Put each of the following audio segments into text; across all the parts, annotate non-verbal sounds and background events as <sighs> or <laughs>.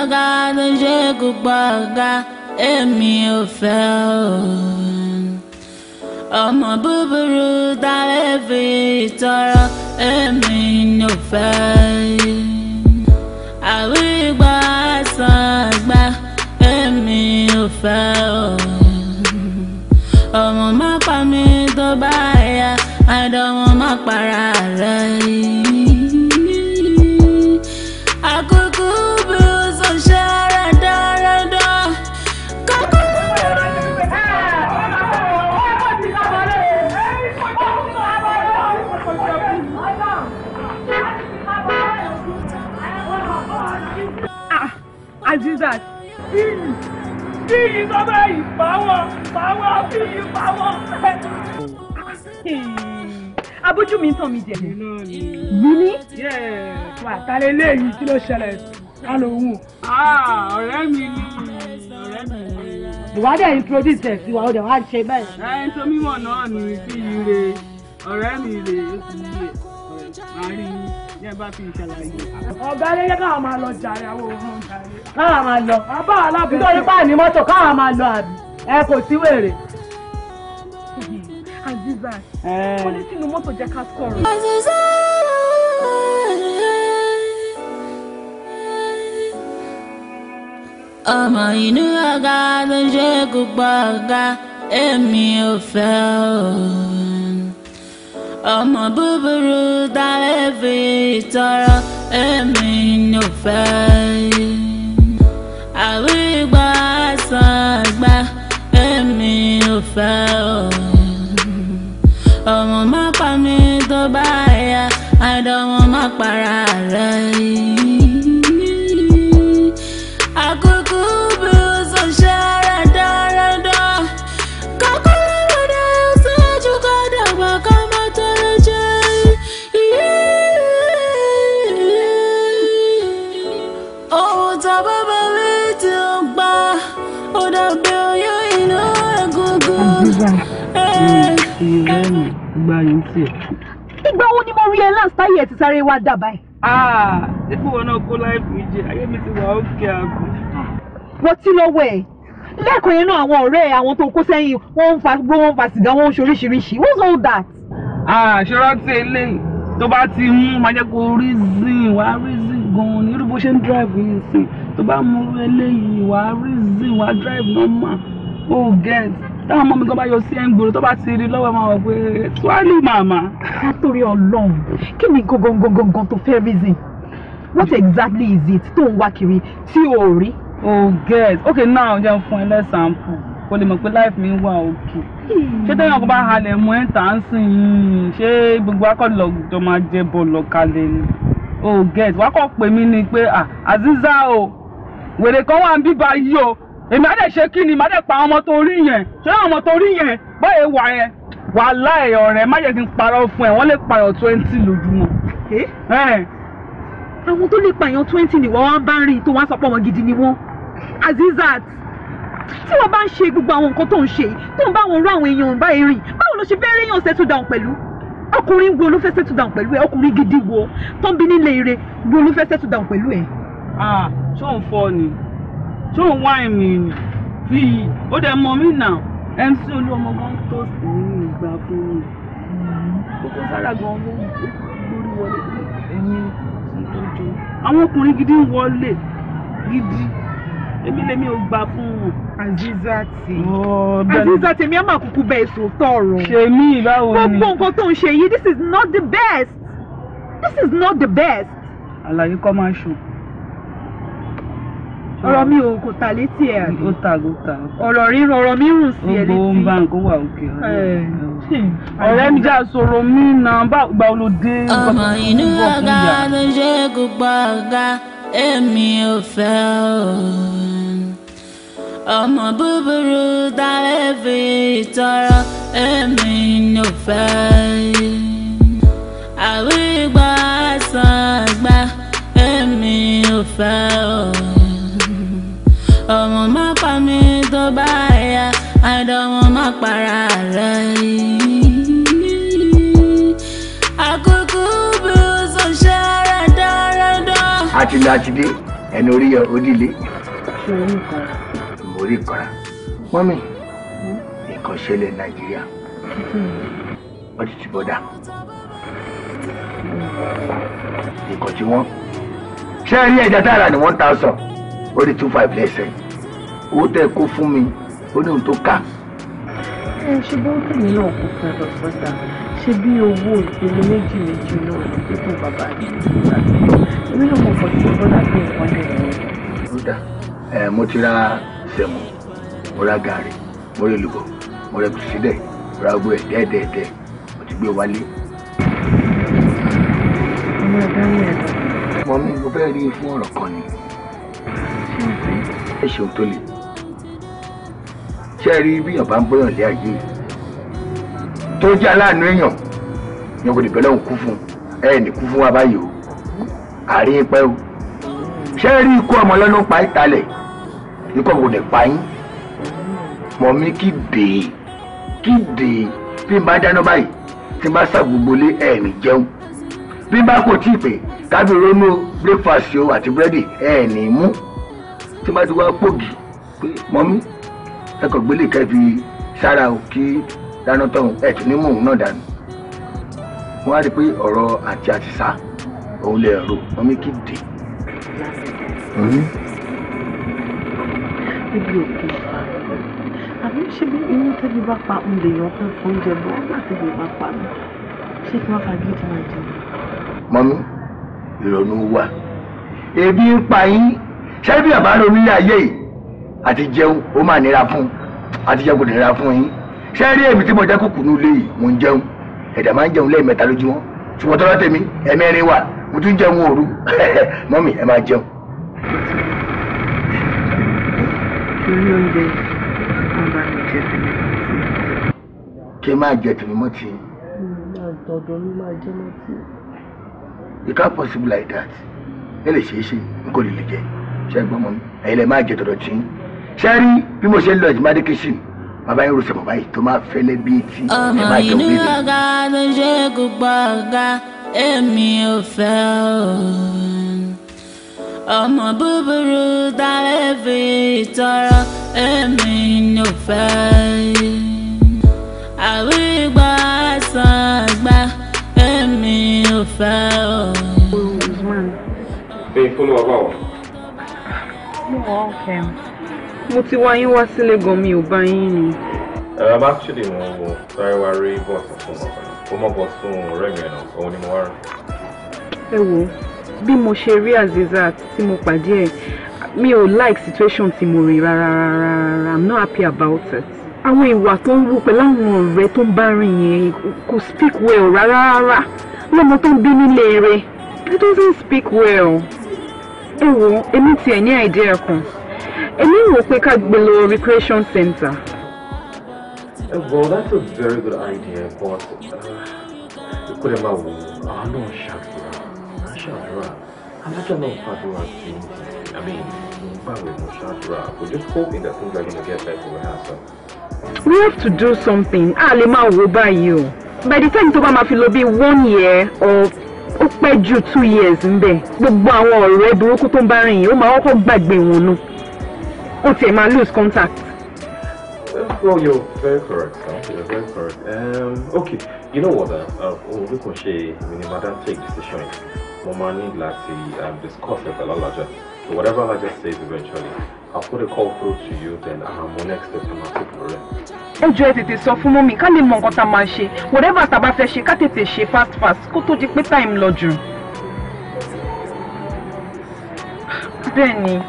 gbọ́gà ló ń ṣẹ́gun gbọ́gà èmi ò fẹ́ o. ọmọ búburú dá ẹ̀fì ìtọ́rọ èmi ò fẹ́. àwígbà àìsàn àgbà èmi ò fẹ́ o. ọmọ má pa mi tó bá yá àdánwò. bí yìí bàbá yìí pàwọ́ pàwọ́ bí yìí pàwọ́. Hmm. abójú mi ń tàn mí jẹ. mímí wà á tálẹ̀ léyìí kí ló ṣẹlẹ̀ ká ló wù. Ah, ọ̀rẹ́ mi ni ọ̀rẹ́ mi ni. ìwádìí introduce ẹ̀ sí wa ó dẹ̀ wá ṣe bẹ́ẹ̀. ẹ̀ ń tó mímọ̀ náà nìyí sí ire ọ̀rẹ́ mi rè é sì ń yè ọ̀rẹ́ yẹn bá fi ìṣàlàyé. ọ̀gá ẹlẹ́yẹ káwọn máa lọ jàre àwọn ohun jàre. káwọn máa lọ abá alábẹ́ nítorí páàní mọ́tò káwọn máa lọ àbí ẹ kò sí wèrè. Azizat kò ní sínú mọ́tò jẹ́ ká sọ̀rọ̀. ọmọ inú ọ̀gá ló ṣe gbogbo ọ̀gá èmi ò fẹ́ o ọmọ búburú dá ẹ̀fì ìtọ́rọ èmi ní òfẹ́. lè ti sáré wá dà báyìí. Ah, ṣé fún wọn náà kó láìpù jẹ ayé mi ti wà òkè àgbò. wọ́n ti lọ́wọ́ ẹ̀ lẹ́ẹ̀kan yẹn náà àwọn ọ̀rẹ́ àwọn tó kó sẹ́yìn wọ́n ń fa gbó wọ́n ń fa sìgá wọ́n ń ṣe oríṣiríṣi what's all that. àṣọra ti eléyìí tó bá ti mú máa jẹ́ kó reason wá reason gan-an ní irú bó ṣe ń drive yìí sí tó bá mú eléyìí wá reason wá drive normal oh get táwọn ọmọ mi gan bá yọ sí ẹ̀ǹgbòrò tó bá ti rí lọ́wọ́ máa wọ̀ pé màmá. látòrí Ọlọ́run kí ni gangan tó fẹ́ reason what exactly is it tó ń wá kiri tí o rí. oh get okay now jẹun fún ẹ lẹ́sàmpù kó lè mọ̀ pé life mi wà òkè ṣé tẹ́yìn ọkọ̀ bá halẹ̀ mọ́ ẹ̀ ń sìn yín ṣé gbogbo akọ́lọ̀ jọ máa jẹ bọ̀lọ̀ kalẹ̀ ni oh get wákọ̀ pè mí ni pé ah o wèrè kan wà ń bíbá yìí o èmi á dẹ̀ ṣe kí ni màá dẹ̀ pa àwọn ọmọ tó rí yẹn ṣé àwọn ọmọ tó rí yẹn báyìí wà yẹn wà láì ọ̀rẹ́ má yẹ kí n parọ́ fún ẹ wọ́n lè pààyàn twenty lójúmọ́. Eh? àwọn tó lè pààyàn twenty ni wọ́n wá ń bá rìn tó wá sọ pé gidi ni wọ́n Azizat tí wọ́n bá ń ṣe gbogbo àwọn nǹkan tó ń ṣe tó ń bá wọn rú àwọn èèyàn báyìí rìn báwo ló ṣe fẹ́ rí èèyàn settle down pẹ̀lú ọkùnrin wo ló fẹ́ settle down pẹ̀lú ẹ ọkùnrin gidi wo tó ń bi nílé ire wo ló fẹ́ settle down pẹ̀lú ẹ. ah ṣé òun fọ ni ṣó ń wá ìrìn ìrìn fi ó dẹ̀ mọ mí nà MC Olúọmọ gan toast nínú ìgbà fún mi mm-hmm. Koko Zaria gan ló lórí wọlé ẹ̀yìn ìtọ́jú àwọn ọkùnrin gidi ń wọlé gidi èmi lèmi ò gbà fún un. azizati oh, azizati èmi á máa kúkú bẹ́ẹ̀ sòótọ́ ọ̀rọ̀. ṣèmi báwo ni. gbogbo nǹkan tó ń ṣe yìí this is not the best this is not the best. àlàyé kọ́ máa ṣòkò ọ̀rọ̀ mi ò kò ta létí ẹ̀ àbí. ó ta ó ta. ọ̀rọ̀ rírọ ọ̀rọ̀ mi rùn sí ẹ létí. ó gbowó ń bá nǹkan wà òkè. ọ̀rẹ́ mi já sọ̀rọ̀ mi nà gbà ó ló dé. ọmọ inú ọ̀gá ló ṣe kó pa ọ̀gá èmi ò fẹ́ o. ọmọ búburú ta lè fi tọrọ èmi ò fẹ́. àwígbà sàn gbà èmi ò fẹ́ o ọmọ má pa mí tó bá yá àdánwò má para rẹ̀ yìí. àkókò bí o sọ ṣe ara dáradára. àti lọ àti dé ẹni orí yọ odílé. ṣé o ní kọ́ra. mo rí kọ́ra mọ́mì hmm? nàìjíríà hmm. wọ́n ti ti bọ́dà hmm. nǹkan tí wọ́n ṣé ẹ rí ẹja tààrà ni wọ́n ta sọ. So ó di two five lẹ́sẹ̀ owó tẹ̀ kó fún mi ó ní ohun tó kà. ẹ ṣe bá ń tèmi náà kó fún ẹ lọ sọ́jà ṣe bí owó ìpele méjì méjì náà ló dé fún bàbá mi èmi náà mo fọ̀tí ọgbọ́n láti ìwọ́n lè rẹ̀. rúdà ẹ mo ti ra sẹ̀mù mo ra gàrí mo rí olùbọ̀ mo rẹ kùsì sílẹ̀ ra gbogbo ẹ̀ dẹ́ẹ̀dẹ́ẹ̀dẹ́ mo ti gbé e wálé. ọmọ ẹ̀dá ni ẹ̀dá. mọ̀mí mo fẹ́ rí i fún ọ̀rọ̀ kan ni ẹ ṣeun tó le ṣe rí bí ọba ń bọ́yàn lé ayé tó jẹ́ aláàánú èèyàn ni kò dìbẹ́ lọ́hùn kú fún ẹ ní kú fún wa báyìí o àárín pẹ́ o ṣe rí ikú ọmọ lọ́nà pa ìtalẹ̀ ikú ọmọ kò pa yín mọ̀ mí kí dèé kí dèé bí n bá dáná báyìí tí n bá ṣàgbogbo lé ẹ̀rín jẹun bí n bá kò tí ì pè kábí ronú breakfast o àti búrẹ́dì ẹ ẹ̀ ní mú tí bá ti wá pògì pé mọ́mí ẹ kàn gbélé kẹ́fì sára o kí dáná tọ̀hún ẹ̀ tún ní mò ń náà dànù wọ́n á rí i pé ọ̀rọ̀ àti àtìsá òun lè rò mọ́mí kì í dé. ibi òkú àbí ṣe bí inú tẹ́lẹ̀ bá pa ń lè yàn fún oúnjẹ bọ́ láti lè bá pa mí ṣé kí wọ́n fagídí máa jẹun mọ́mí ìrònú wà ebi ń pa yín ṣebí àbá ronú ilé ayé yìí àti jẹun ó máa nira fún àti jẹun kò nira fún yín ṣé rí èmi tí mo jẹ́ kúkú ní ilé yìí mò ń jẹun ẹ̀dá máa ń jẹun lẹ́ẹ̀mẹ́ta lójúmọ́ ṣùgbọ́n tọ́lá tèmi ẹ̀mẹ́rin wà mo tún jẹun òru <laughs> mọ́mí ẹ máa jẹun. torí oúnjẹ wọn bá mi jẹ tèmi mọ́tì. kí n máa jẹ tèmi mọ́tì. àtọ̀dọ̀ hmm, ló máa jẹ mọ́tì it can't possible like that ẹ lè ṣeé ṣe n kò lè lè jẹ ṣe é gbọ́mọ mi ẹ̀yin lè máa jẹ tọ̀dọ̀ tí ń ṣe rí bí mo ṣe ń lọ ẹ̀jẹ̀ máa bàbá yín rúṣẹ̀ bàbá yìí tó máa fẹ́lẹ́ bí etí ẹ̀ máa jẹun bíbí. ọmọ ìlú ọ̀gá ló ń ṣe gbogbo ọ̀gá èmi ò fẹ́ o ọmọ búburú dálé fi tọrọ èmi ò fẹ́. fẹ́ o. bẹ́ẹ̀ kó ló wá bá wa. mo wọ ọkẹ mo ti wá yín wá sílé gan mi ò bá yín ni. ẹ̀rọ bá ṣèlè wọn wò sáré wá rí bọ́ọ̀sì fún ọmọ ó mọ̀ bọ́ sún ọ̀rẹ́ mi ẹ̀nà òun ni mo wá rẹ̀. ẹ wo bí mo ṣe rí Azeezat tí mo pàdé ẹ mi ò like situation tí mo rí rárá rárá I'm not happy about it àwọn ìwà tó ń wù pẹ̀lú àwọn ọ̀rẹ́ tó ń bá rìn yẹn kò speak well rárá rárá lọ́mọ tó ń bí nílé eré he doesn't speak well. ẹ wo èmi tiẹ̀ ní àìdíyà kan èmi ń wò pé ká gbé lọ recreation center. Eh, well that's a very good idea but uh, kó lè máa wò àwọn náà ṣàdúrà ṣàdúrà alájà náà fàdúrà sí i mean báwo mo ṣàdúrà we're just hoping that things are gonna get better with her. we have to do something a lè máa wò báyìí o by the time tó bá máa fi lo bíi one year or ó pẹ́ ju two years ńbẹ̀ gbogbo àwọn ọ̀rẹ́ burúkú tó ń bá rìn yìí ó máa kọ́kọ́ gbàgbé wọn nù ó tiẹ̀ máa lose contact. Well, you're very correct, sir. You're very correct. Um, okay, you know what? Uh, we can share mini madam take decision. Mama máa to um, discuss it a lot larger. So whatever I just says eventually, I'll put a call through to you then àwọn next step máa fi kúrò rẹ̀. ẹ tètè sọ fún mọ́mí ká lè mọ nǹkan tá a máa ṣe whatever tá a bá fẹ́ ṣe ká tètè ṣe fast fast kó tó di pé time lọ jù. bẹ́ẹ̀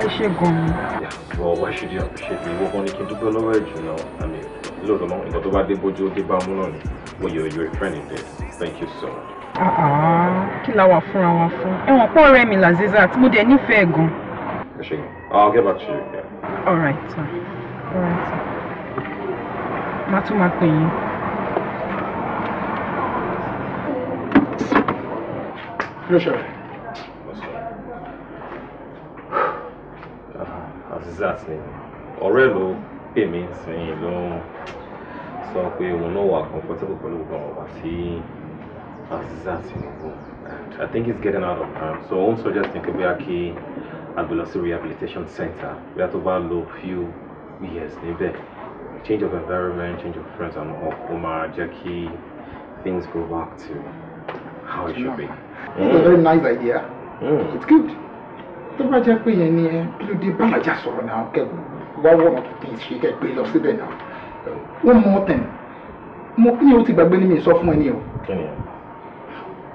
ẹ ṣe gan-an. well why should you appreciate me wọ́n kọ́ ni kí n dúpẹ́ lọ́wọ́ ẹ̀ jù náà àmì lóòótọ́ náà nǹkan tó bá dé bójú ó dé bá mú náà ni well you're you're a friend thank you so much. Ah, kí la wà fúnra wa fún ẹ̀wọ̀n pọ̀ ọ̀rẹ́ mi lazizat mo dẹ̀ nífẹ̀ẹ́ gan. ẹ ṣe I'll get back to you. Yeah. all right sir all right sir má tún máa pè yín. No, sir. Ah, Azizat ni ọ̀rẹ́ ló pè mí sẹ́yìn ló sọ pé òun náà wà comfortable pẹ̀lú gbọ̀ngàn wá sí. President Tinubu, and I think he's getting out of hand. Um, so also I'm suggesting Kebiaki and Velocity Rehabilitation Center. We have to overlook few years, maybe change of environment, change of friends, and all. Omar, Jackie, things go back to how it should be. It's mm. a very nice idea. Mm. It's good. tó bá jẹ́ pé yẹn ni ẹ kí dé bàlájà sọ̀rọ̀ náà kẹ wá wọ̀rọ̀ tó ṣe kẹ gbé lọ síbẹ̀ náà one more time mo ní o ti gbàgbé ní mi sọ fún ẹ ní o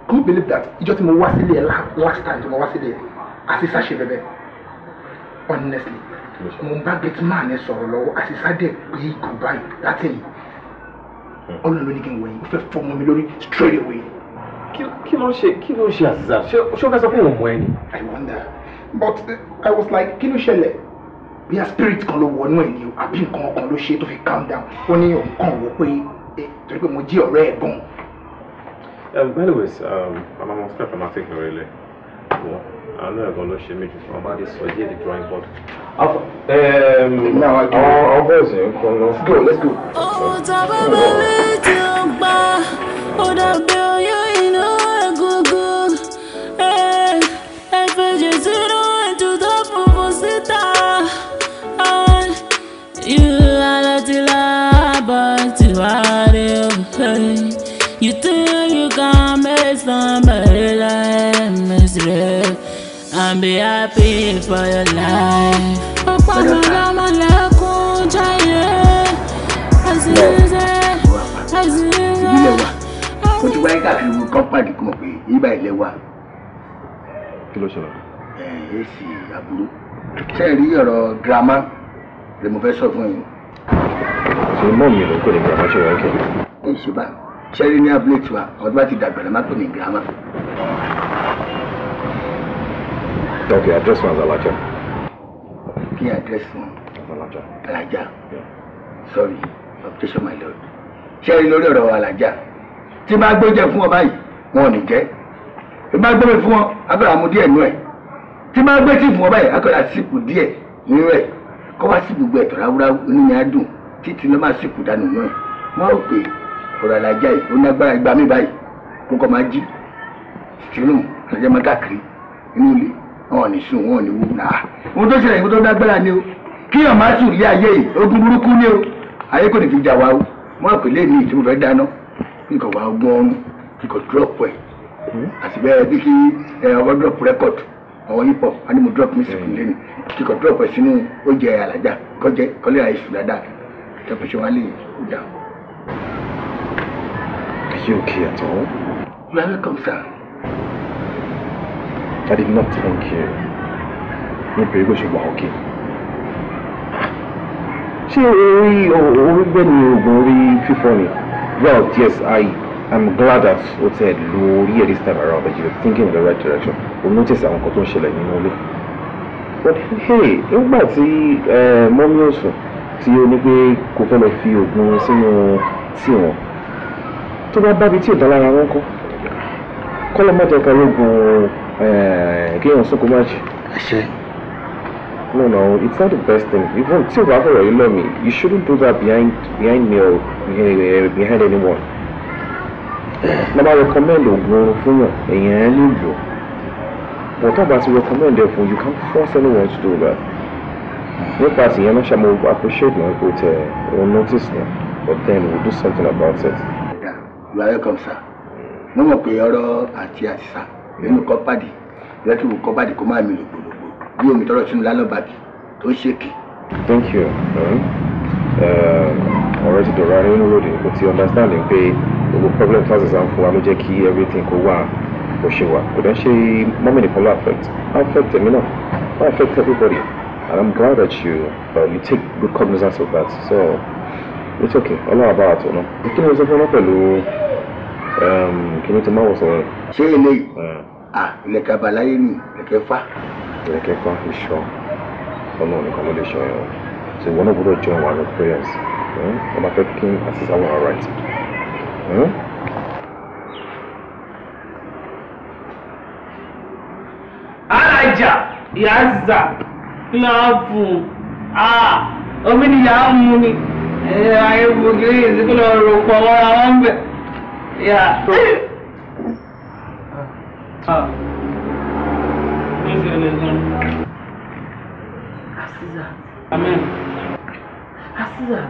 can believe that ìjọ tí mo wá sílé ẹ last time tí mo wá sílé ẹ àṣìṣà ṣe bẹbẹ honestly mo bá gate man ẹ sọ̀rọ̀ lọ́wọ́ àṣìṣà dẹ̀ pé kò báyìí látẹ̀yìn hmm. ọlọ́run ló ní kí n wọ̀nyí ó fẹ́ fọ́ mi lórí straight away. kí ló ń ṣe kí ló ń ṣe àṣìṣà ṣé o fẹ́ sọ pé òun mọ ẹ ni. I wonder but uh, I was like kí ló ṣẹlẹ̀ bíyà spirit kan ló wọnú ẹ ni o àbí nǹkan ọkàn ló ṣe tó fi calm down ó ní òun kàn wọ pé eh, torí pé mo jí ọ̀rẹ́ ẹ̀ gan-an Um, anyways, um, I'm on script, I'm not taking really. Well, I know I'm going to shame me just about this so here the drawing board. um, now I can. I'll, I'll buzz you. Let's go, let's go. Oh, is real and be happy for your life. Ọ̀pọ̀lọpọ̀ máa lẹ́kùn jáyé. Àzìzẹ́ àzìzẹ́. Ilé wa tó ti wáyé káàkiri wo kọ́ńpáàdì kan pé ibà ilé wa. Kí ló ṣẹlẹ̀? Ẹ̀ ẹ́ sì àbúrò. Ṣé ẹ rí ọ̀rọ̀ girama rẹ mo fẹ́ sọ fún yín? Ṣé mọ́ mi ló pè ní girama ṣe wọ́n kẹ́? Ẹ ṣe bá ṣẹ́rí ní abúlé tiwa, ọ̀dọ́ bá ti dàgbà lọ́ máa pè ní girama. Okay, address one Alaja. Kí address one? Alaja. Alaja. Sorry, objection my lord. Ṣé ẹ rí lórí ọ̀rọ̀ Alaja? Tí bá gbóúnjẹ fún ọ báyìí, wọn ò ní jẹ́. Tí bá gbé mi fún ọ, agbára mu díẹ̀ nú ẹ̀. Tí bá gbé tí fún ọ báyìí, agbára sípò díẹ̀ nínú ẹ̀. Kọ́ wá sí gbogbo ẹ̀tọ́ ráúráú oníyàn á dùn títí ló máa sípò dànù nú ẹ̀. Wọ́n rò pé ọ̀rọ̀ Alaja yìí ó ní agbára ìgbà mi báyìí. Mo máa jí. Tìtìlù Alaja máa káàkiri inú ilé wọn ò ní sùn wọn ò ní wúra ohun tó ṣẹlẹ̀ ìwé tó dágbára ni o kí ọ̀ma sùn ilé ayé yìí ogun burúkú ni o ayé kò ní fi jà wá o wọn àpè lé mi tí mo fẹ́ dáná kíkọ̀ wá ogun ọrùn kíkọ̀ dúrọ̀pù ẹ̀ hmm? àti bẹ́ẹ̀ bí kí eh, ọkọ̀ dúrọ̀pù rẹ́kọ̀dù àwọn hip hop a ní mo drop music hmm. nílé ni kíkọ̀ dúrọ̀pù ẹ̀ sínú oúnjẹ alájà kọjẹ kọlẹ́ àìsù dáadáa tẹ̀pẹ̀ ṣe wá lè dà. Are you okay welcome, sir. I did not even care nítorí bó ṣe wà òkè. ṣé orí orí gbẹ́ni oògùn orí fífọ́ ni well yes I am glad that o ti ẹ̀ lo orí ẹ̀ this time around but you were thinking in the right direction o notice àwọn nǹkan tó ń ṣẹlẹ̀ nínú ilé but hey nígbà tí eh, mọ́mí ọ̀sùn tí o ní pé kò fẹ́ lọ fi oògùn sínú tí wọn tó bá bá bi tí ò dá lára wọn kọ́ kọ́lọ́mọ́tò kan lóògùn. Eh, kéèyàn sunkún má jù. àṣẹ. no no it's not the best thing even tí o bá fọ̀rọ̀ yìí lọ mi you shouldn't do that behind behind me or eh, behind anyone. na ma recommend oògùn oorun fún yàn èèyàn ẹ ló lò but tó bá ti recommend ẹ fún you can't force anyone to do that. nípa tìyẹn náà ṣàmúlò appreciate my kò tẹ notice náà but then we'll do something about it. Yeah, you are welcome sir. mo mọ̀ pé ọ̀rọ̀ àti àṣìṣà nínú kọ́pàdì lẹ́tí wo kọ́pàdì kó máa mi lò gbòlògbò bí omi tọrọ sínú lálọ́bàbì tó ń thank you hmm. uh, ọ̀rẹ́ ti dọ̀rọ̀ ara nínú lòdì kò ti understand pé gbogbo problem tí wọ́n ṣẹ̀ṣẹ̀ ń fún wa ló jẹ́ kí everything kó wà bó ṣe wà kò dán ṣe mọ́mì nìkan ló affect affect èmi náà ó affect everybody and i'm glad that you uh, you take good cognizance of that so it's okay ọlọ́run àbára tó náà kí ni mo sọ fún ọ pẹ̀lú um, kí ni tó máa wọ̀ sọ̀rọ̀. ṣé eléyìí. Uh, ah ìlẹ̀kẹ̀ àbàláyé ni ìlẹ̀kẹ̀ fá. ìlẹ̀kẹ̀ fá fi sọ ọmọ nìkan ló lè sọ yẹn o so ìwọ náà gbọ́dọ̀ join our prayers hmm? ọmọ fẹ́ kí àṣìṣe àwọn ọ̀rọ̀ àìsàn. alájà yàzà kílọ̀ọ̀fù omi ni yàá mú ni ayé gbogbo ìsìnkú lọ́ọ́ rò pọ̀ mọ́ra wọn bẹ̀. Asizat. Amen. Asizat. Asizat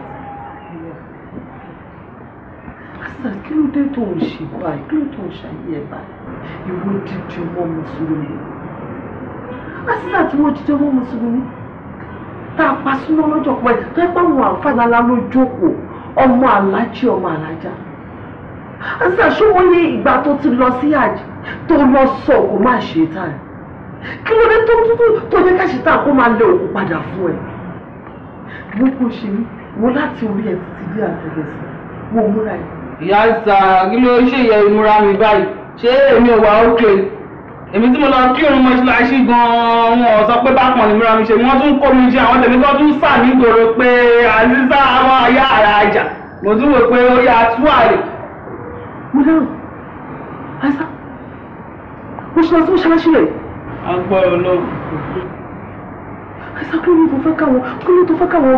kí ló dé tó ń ṣe báyìí? Kí ló tó ń ṣàyè ẹ̀ báyìí? Ìwọ dídì ọmọ Mùsùlùmí. Asizat tí wọ́n dídì ọmọ Mùsùlùmí. Tá a pa súná lọ́jọ́ pẹ́ tó ẹ bá wọn àǹfààní alá ló jókòó ọmọ alájí ọmọ alájà. Asizat ṣé wọ́n yé ìgbà tó ti lọ sí àjì? tó lọ sọ kó má ṣe tá ẹ kí ló dé tó tútù tó jẹ́ ká ṣe tá kó máa lé òkú padà fún ẹ mo kò ṣe ní wo láti orí ẹ títí dé àtẹ̀lẹsẹ̀ wo múra ẹ. ìyá ìsà kí ló ṣe ìyẹ ìmúra mi báyìí ṣé èmi ò wá òkè èmi tí mo lọ kí òun mọ ìṣúná ṣí gan-an wọn sọ pé bákan ni múra mi ṣe wọ́n tún kó mi jẹ àwọn tèmi kan tún sà nígboro pé àzízá àwọn ayá ara ajá mo tún rò pé ó yà á tú àlè. mo dẹ́rù àìsàn mo ṣe lọ sí mọ́ṣáláṣí rẹ̀. agbára ọlọ́run. àìsàn kí ló ní tó fẹ́ káwọn kí ló tó fẹ́ káwọn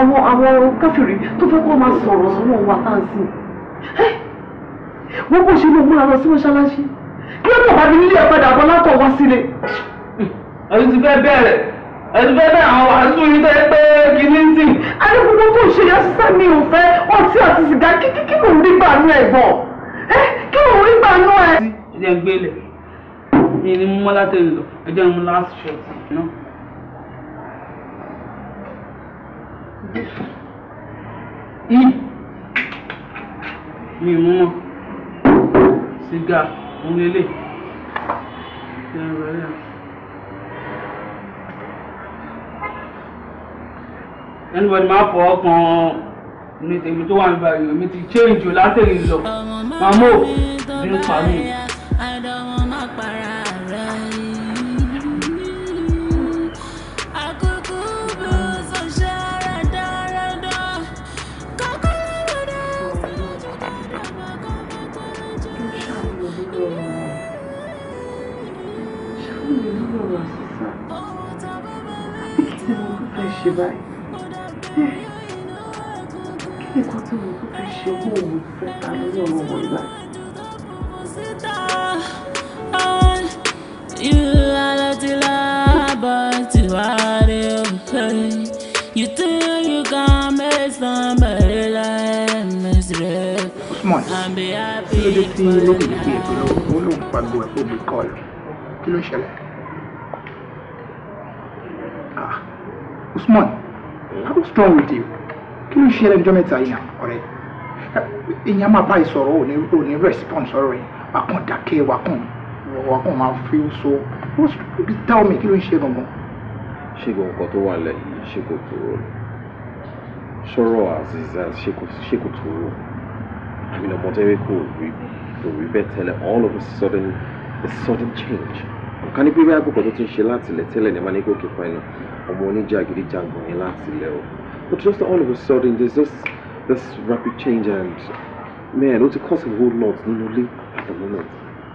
àwọn àwọn káfíìrì tó fẹ́ kó máa sọ̀rọ̀ sọ́nà wa tá à ń sìn. wọ́n kò ṣe ló múra lọ sí mọ́ṣáláṣí kí ló tó bá mi nílé ẹ̀padà àbọ̀ látọ̀ wá sílé. àti ti fẹ́ bẹ̀rẹ̀ àti fẹ́ bẹ̀rẹ̀ àwọn wàásù yìí tẹ́ pé kí ní sìn. adigunbo tó ṣe yẹn sísá mi ò fẹ́ ọtí àti sìgá kíkí kí mò ń rí gbà nú ẹ̀ bọ̀ kí mò ń rí gbà nú ẹ̀. ẹ jẹ́ gbélé mi ni mo mọ́ látẹ̀lẹ̀ lọ ẹjọ́ ni mo last shirt náà. mi mú mọ́ sìgá òun lélẹ̀ ẹ̀rọ ẹ̀. anybody máa fọ ọkàn ní tèmi tó wà ní báyìí èmi ti change látẹ̀yìn lọ màmú ò bí n ṣe báyìí kí ni kan tí mo tún fẹ́ ṣe owó òun fẹ́ ta lórí ọ̀rọ̀ wọn ìgbà. You think you can make somebody like me Usman, kí ló dé tí lóbi ìdí ẹ̀kọ́ lọ́wọ́? Ó lóun pariwo ẹ̀ pé ó bí kọ́ọ̀lù. Kí ló ṣẹlẹ̀? Usman What's wrong with you kí ló ṣe ẹlẹ́jọ́ mẹ́ta yìí náà ọ̀rẹ́ ìyẹn máa bá ìsọ̀rọ̀ ò ní ò ní response ọ̀rẹ́ wà kàn dákẹ́ wà kàn wà kàn máa feel so tell me kí ló ń ṣe gangan. ṣé gbogbo nǹkan tó wà lẹ́yìn ṣé kò tó rò sọ̀rọ̀ Azeezat ṣé kò tó rò àmì ọmọdé kò rí kò rí bẹ́ẹ̀ tẹ́lẹ̀ all of a sudden a sudden change ọ̀kan ní pé bí agbókò tó ti ń ṣe láti lẹ̀ tẹ́lẹ̀ ní ma ní kó kí fún ẹ ọmọ oníjàgídíjàgàn yẹn láti lẹ o but just all of a sudden there's just this rapid change and man ó ti cause a whole lot nínú ilé at the moment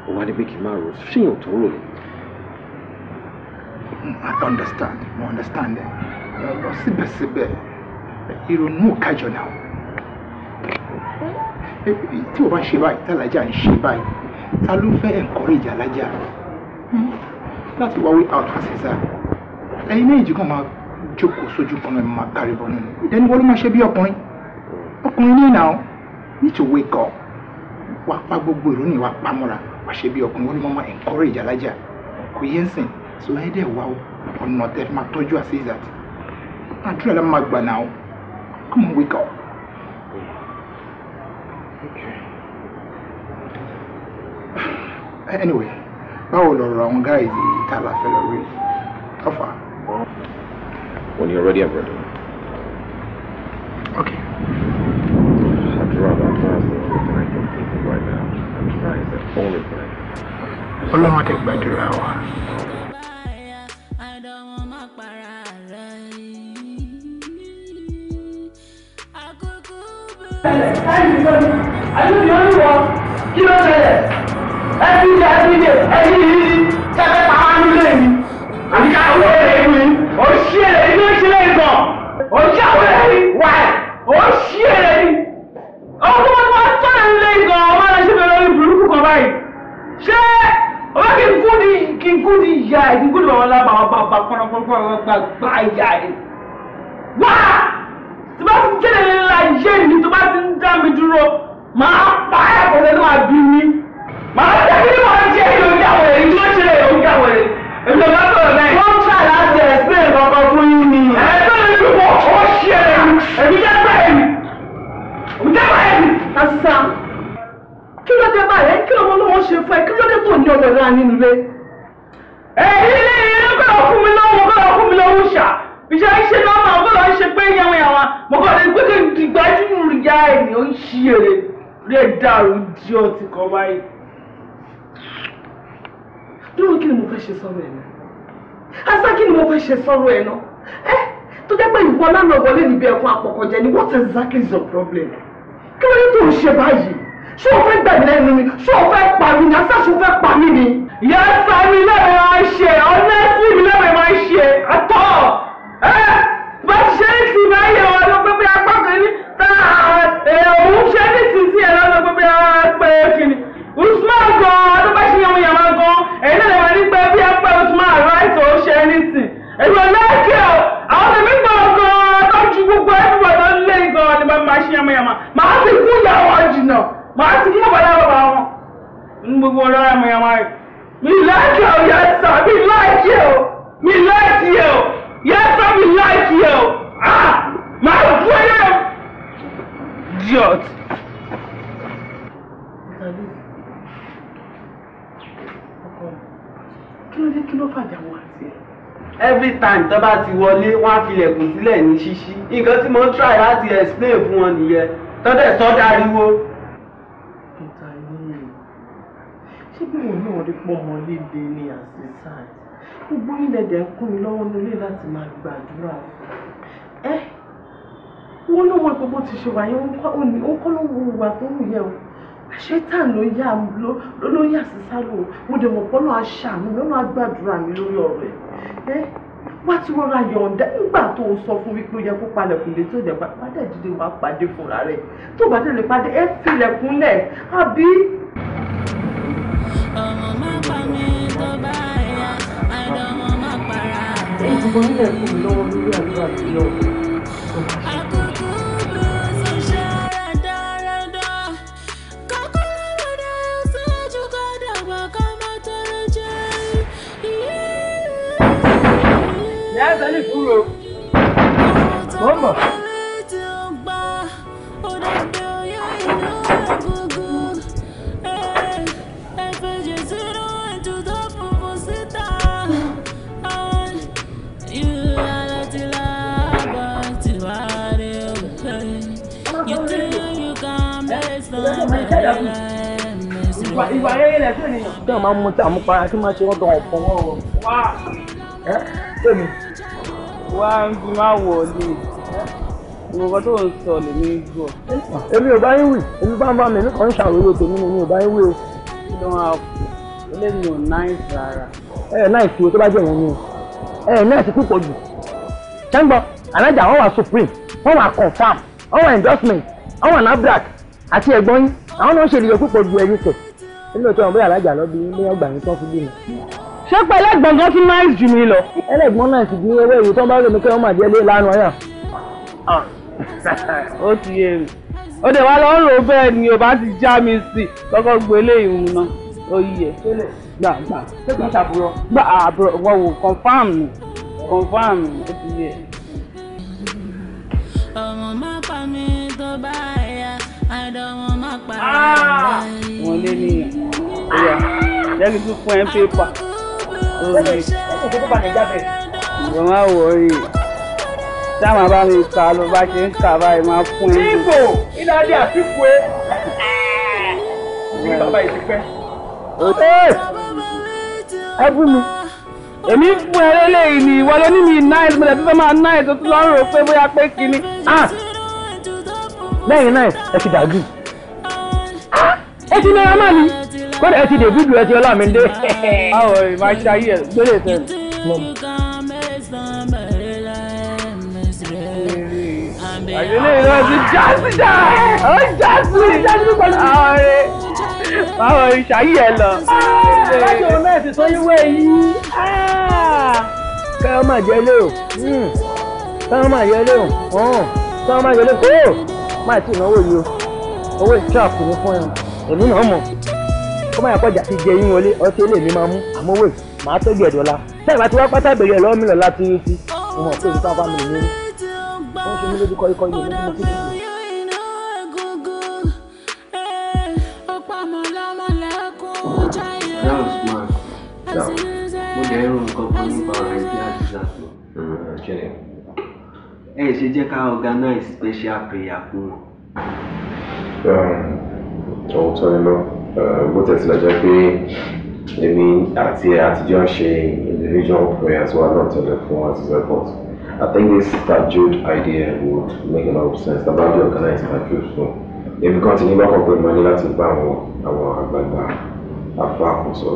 òun á ní pé kí n máa rò ṣéyàn tó rò ni. I understand mo understand ẹ lọ síbẹ̀síbẹ̀ ìrònú ò kájọ náà tí o bá ṣe báyìí tálájà ń ṣe báyìí ta ló fẹ́ encourage alájà hmm? láti wá way out for ṣe sáà ẹ̀yin méjì kan máa jókòó sójú kan náà máa kárí bọ́ nínú ẹni wọ́n ló máa ṣe bí ọkùnrin ọkùnrin ní ìnáwó ní ti wake up wàá pa gbogbo ìlú ni wàá pamọ́ra wàá ṣe bí ọkùnrin wọ́n ló máa encourage alájà kò yé ń sìn so ẹ dẹ̀ wá o ọ̀nà tẹ́ fi máa tọ́jú àṣeyíṣà tí àdúrà lẹ́ máa gbà náà come on wake up. <sighs> anyway báwo lọ̀rọ̀ àwọn gáàsì ìta làfẹ́ lọ rí ọ̀fà. When you're ready, I'm ready. Okay. I'd rather advance the only thing I can think of right now. I'm trying the only thing. How long I take by three hours? I'm the only one? Kí ló ṣẹlẹ̀? Every day, every day, every day, ṣẹ́fẹ́ pa wá nílé mi. àbíká àwọn ọ̀rẹ́ ìlú yìí ó ṣí èrè ní ìṣẹ̀lẹ̀ ìgbọ̀n ó ṣí àwọn ẹ̀rí wà ó ṣí èrè ní. ọmọ tó bá tó tọ́lá nílé ìgbọ̀n ọmọ rẹ̀ ṣe bẹ̀rẹ̀ lórí burúkú kan báyìí ṣé ọba kí n kú ni kí n kú ni ìyá ẹ̀ kí n kú ni bàbá lábàá ọba ọba pọnọpọnọpọnọpọnọpọ ìyá ẹ̀ wá tí bá ti kéde nílá yé mi tó bá ti ń dá mi dúró máa pa ẹ̀ kọ́lẹ́ náà bí mi máa tẹ̀lé wọn jẹ́ ìròyìn àwọn èyí tó ń ṣe ìròyìn àwọn èyí ìjọba sọ̀rọ̀ bẹ́ẹ̀. wọ́n gbà láti ẹ̀sìn ìkọ̀kọ̀ fún yín ni. ẹ̀sìn ìlú wọ̀ ó ṣe é èmi jẹ́ bẹ́ẹ̀ ni èmi jẹ́ bẹ́ẹ̀ ni. àṣà kí ló dé báyìí kí ọmọ olówó ṣe fún ẹ kí ló dé tó ní ọmọ ìlànà nínú rẹ. èyí ni ìlú kọ́ lọ fún mi lọ́wọ́ kọ́ lọ fún mi lọ́wọ́ ṣà ìṣe iṣẹ́ náà máa kọ́ lọ ṣe pé yẹwọ́n yẹwọ́n mo kọ́ lè gbé kí n dìgbà jù rìyá ẹ̀ ní ó ń ṣí èrè rẹ̀ dàrú jí ọtí kan báyìí dúró kí ni mo fẹ́ ṣe sọ̀rọ̀ ẹ̀ náà asá kí ni mo fẹ́ ṣe sọ̀rọ̀ ẹ̀ náà ẹ́ tó jẹ́ pé ìwọ lánàá wọlé níbi ẹ̀kún apọ̀kọ̀jẹ ni what exactly is your problem kí ló ní tó ń ṣe báyìí ṣé o fẹ́ gbẹ̀mí lẹ́nu mi ṣé o fẹ́ pa mí ni asá ṣe o fẹ́ pa mí ni. ìyá ẹ̀sán mi lẹ́nu máa ń ṣe ọ̀nà ẹ̀sìn mi lẹ́nu máa ń ṣe àtọ̀ ẹ́ bá ṣe é ti máa yẹ wọn lọ pé pé apá kan ní tá a òun ṣe é ní ti sí ẹ̀ lọ́dọ̀ pé pé usman gan tó bá ṣe yẹmu yàmá gan ẹ̀yin náà lè wà nípa bí apá usman right or ṣe anything èmi ò lẹ́ẹ̀kẹ́ o àwọn tèmi gbọ́ gan tó ju gbogbo ẹ̀dùnbọ̀ tó ń lé gan ni bá máa ṣe yẹmu yàmá màá ti kú ìyàwó jìnnà màá ti kú bàbá bàbá wọn ní gbogbo ọ̀rọ̀ yàmá yàmá rẹ̀ mi lẹ́ẹ̀kẹ́ o yẹ sà mi lẹ́ẹ̀kẹ́ o mi lẹ́ẹ̀kẹ́ o yẹ sà mi lẹ́ẹ̀kẹ́ o ah màá kú ẹ̀yẹ́ o. idiot. Salut. every time tó bá ti wọlé wọn á filẹ̀kùn sílẹ̀ ní ṣíṣí nǹkan tí mo ń try láti explain fún wọn nìyẹn tọ́dẹ̀ sọ dáríwó. peter yìí ṣé bí wọn náà rí pọ ọmọ líle ní àṣìṣà gbogbo ilẹ̀ dẹ̀ ń kún mi lọ́wọ́ nílé láti máa gbàdúrà fún ẹ wọn náà wọ ìpínpọ̀ ti ṣe wáyé ó kọ́ ló ń wo ìwà tó ń yẹ o ṣẹ́tàn ló yà ló ló yà sí sálò mo dẹ̀ mọ̀ pọ́nà aṣàánú mi ó máa gbàdúrà mi lórí ọ̀rọ̀ ẹ̀ wá tí wọ́n ra yọ̀ǹda nígbà tó o sọ fún wípé ó yẹ kó palẹ̀kùn lé tó jẹ́ pàdé ìdílé wa pàdé fúnra rẹ̀ tó bá délé pàdé ẹ filẹ̀kùnlẹ̀ àbí. ọmọ má pa mi tó bá ẹ̀yà àìdánwò má para. ẹ ti gbọ́ nílẹ̀ fún mi lọ́wọ́ lórí àdúrà tó yọ. ẹ̀fẹ́ lè dúró. mọ́mọ́. ìwà rere lẹ́sìn ènìyàn. bí wọ́n máa ń mú tí àmupara tí máa ṣe wọ́n gan ọ̀pọ̀ wọn o. wá ẹ́ pèmí wá ń fi má wọlé ìmọ̀kan tó ń sọ lèmi gbọ́. èmi ò bá yín wì èmi bá ń bá mi ní ń ṣàròyé tèmi ni mi ò bá yín wì o. kí ló máa kú eléyìí ò náìsì rárá. ẹ ẹ náìsì o tó bá jẹ ìyẹn ni ẹ ẹ náìsì púpọ̀ jù. ṣẹ́ńgbọ́n alájà wọn wà supreme wọn wà confam wọn wà endorsement wọn wà nafdac àti ẹ̀gbọ́n yín àwọn náà ń ṣe ìdíje púpọ̀ ju ẹni tẹ̀. èmi ò tọ́ ọ̀ bóyá alájà lọ́ bí ilé ọgbà yín tán fi bí mi ṣé pẹ̀lú ẹ̀gbọ̀ngàn tún náà jù mí lọ. ẹlẹ́gbọ́n náà sì ní ewé ìwé tó ń bá rò mí kí wọ́n máa jẹ́ lé lánàá yàn. ó ti yé mi ó dẹ̀ wá lọ ń rò bẹ́ẹ̀ ni ò bá ti já mi sí i kọ́kọ́ gbé léyìí mu náà ó yẹ. gbà gbà ṣé kò ṣàbúrò. gbà àbúrò wọ́n wò confam mi confam mi ó ti yẹ. ọmọ má pa mi tó bá ẹ̀yà àdánwò má pa ah! mi. wọ́n lé ní ìyá jẹ́ kí n tún fún ẹ pépà mo máa wọ rí táwọn bá mi ta ló bá ṣe ń kà báyìí máa fún ẹ. ibo ìlàdí àtìkú ẹ ní bàbá yìí ẹ fún mi èmi fún ẹ lélẹ́yìn ni ìwọ ló ní mi náà mo lè máa ná ètò tó lọ́rùn rò pé bóyá pé kíni ah! lẹ́yìn náà ẹ ti dàgùn. Ah! ẹ ti náírà máa ní kódà <laughs> <laughs> ẹ ti dé fídíò ẹ ti Ọlámídé báwo ni màá ṣe ayé ẹ gbélé fẹ àgbélé náà ti jásí dá ọ jásí jásí pẹ̀lú ààrẹ báwo ni ṣayí ẹ lọ. láti ọ̀rọ̀ náà ti sọ yíwẹ́ yìí káyọ̀ máa jẹ lé o hmm. káyọ̀ máa jẹ lé o hmm. káyọ̀ máa jẹ lé o máa ti ìnáwó yìí o owó ìṣàkóso fún ẹ èmi náà mọ̀ kó má yà kọjá sí jẹ yín wọlé ọtí ilé mi máa mú àmọ́ wẹ̀ màá tọ́jú ẹ̀ dọ́là sẹ́yìn bá ti wá pátá ìbẹ̀rẹ̀ lọ́wọ́ mi lọ láti rí sí mo mọ̀ pé nǹkan bá mi lè lérí wọ́n ṣe mí lójú kọ́ ikọ́ yìí lójú mo kéde. mo jẹ́ irun ẹ ṣe jẹ́ ká organize special prayer fún wọn. Um, ọ̀tọ̀ ni náà. Eh, bó tẹ̀sílẹ̀ jẹ́ pé èmi àti àtijọ́ ṣe individual prayers wa náà tẹ̀lé fún àti support I think this tajud idea would make a lot of sense tabajọ organize tajud fún èmi kan ti ní bá kọ̀ọ̀kan ìmọ̀ ní láti bá àwọn àwọn àgbààgbà afa àkóso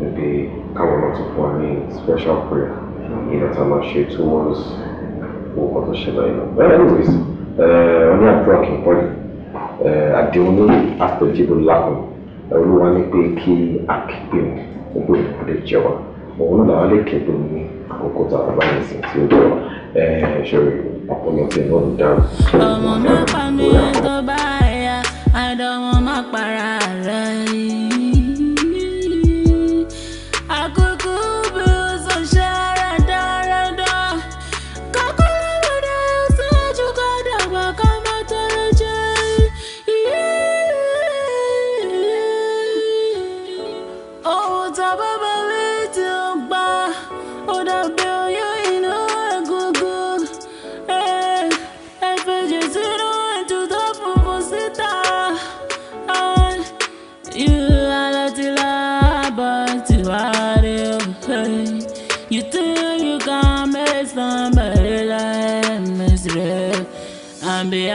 níbi káwọn náà tún fún wa ní special prayer ìyẹn tá a máa ṣe towards owó tó ṣẹlẹ̀ yìí náà well anyways eh, oní àpò àkìnpọ̀ yìí eh, àdéhùn ní àpèjìbò lákùn olúwa ní pé kí àkípè mi gbogbo ìpàdé jẹ wá òun náà lè kéde ní àkókò tá a bá yẹn tí ó jẹ wá ṣòro ọ̀pọ̀lọpọ̀ náà ń dáhùn. ọmọ mẹ́fà mi tó bá ẹ̀yà àdánwò má para rẹ̀ yìí.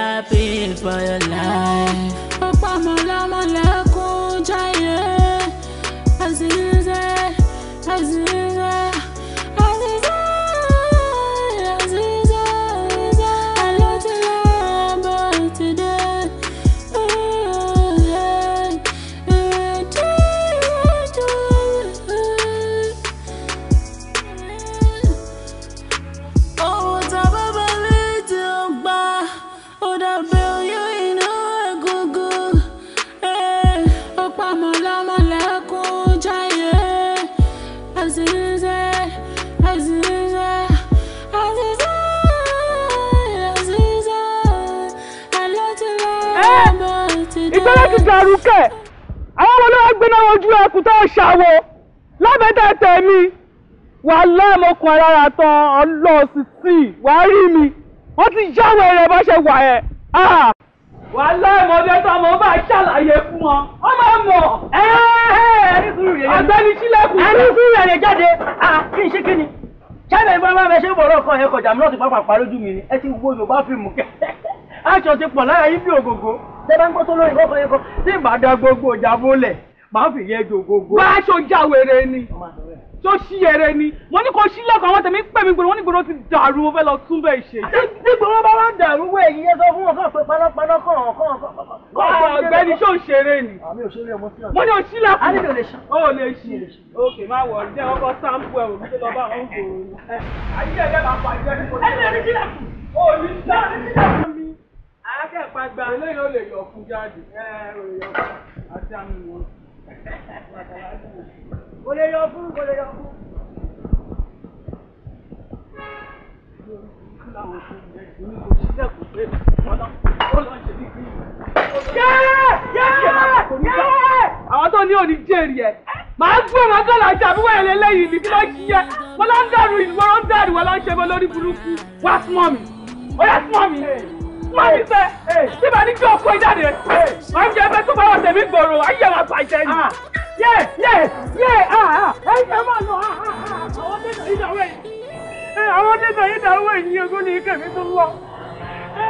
happy for your life. ẹ̀rù kẹ̀ àwọn ọmọ náà gbéná ojú ẹkùn tó ṣàwò lábẹ́tẹ̀ tèmi wà lẹ́ẹ̀mọkùn alára tán ọlọ́ọ̀sì sí wà á rí mi wọ́n ti yáwó ẹ̀rẹ̀ bá ṣe wà ẹ̀ wà lẹ́ẹ̀mọdé tán mo bá ṣàlàyé fún wọn wọ́n máa mọ̀ ọ̀gbẹ́ni sílẹ̀kùn ẹni sùúrù ẹ̀rẹ̀ jáde kí n ṣe kí ni ṣáàbẹ̀ ìbọn bá fẹ́ ṣe bọ̀rọ̀ kan ẹ̀kọ́ jàmínà ti pápá parójú mi ni ẹ ti wo Yorùbá fíìmù kẹ́ <laughs> aṣọ ti pọ̀ lára yín bí ògògó tẹ́lá ń gbọ́ tó lórí ìkọ́kọ́ yẹn kọ́ tí ìbá da gbogbo ọjà bólẹ̀ máa fi yẹn do gbogbo. bá aṣọ jáwèrè ni tó ṣí eré ni mo ní kó ṣí lẹ́kọ̀ọ́ àwọn tèmi pè mí gbòòrò wọn ní gbòòrò ti dàrú mo fẹ́ lọ tún bẹ́ẹ̀ ṣe. tí gbòòrò bá wá dàrú wẹ̀ yìí yẹn sọ fún wọn kàn pé panápaná kàn án kàn án kàn án. ọ̀gbẹ́ni ṣó ń ṣeré ni. àmì ah, òṣèré ọmọ sílẹ̀. mo ní òṣì a ní kò lè ṣí. ó lè ṣí ok má wọ ọ jẹ́ ọkọ sáńpù ẹ̀ akẹ́pàá gba eléyìí ó lè yọ fún jáde ẹ o lè yọ fún àti àmì wọn. kò lè yọ fún kò lè yọ fún. àwọn tó ní òní jèrè ẹ màá gbé màá gbé làjà bí wọ́n yẹn lélẹ́yìn ní kí ló jí yẹ wọ́n lọ ń dàrú ìlú wọ́n lọ ń dàrú wọ́n lọ ń ṣe mọ́ lórí burúkú wá súnmọ́ mi ó yá súnmọ́ mi má mi fẹ́ tí bá ní kí ọkọ ìjáde máa ń jẹ ẹgbẹ́ tó bá wà tẹ̀mí gbòòrò ayé wa bàjẹ́ ni. yé yé yé ẹ jẹ máa lọ ah, ah, ah. àwọn dẹ́gbẹ̀ yìí dàwọ̀ yìí àwọn dẹ́gbẹ̀ yìí dàwọ̀ yìí egún ni kẹ̀mí tó lọ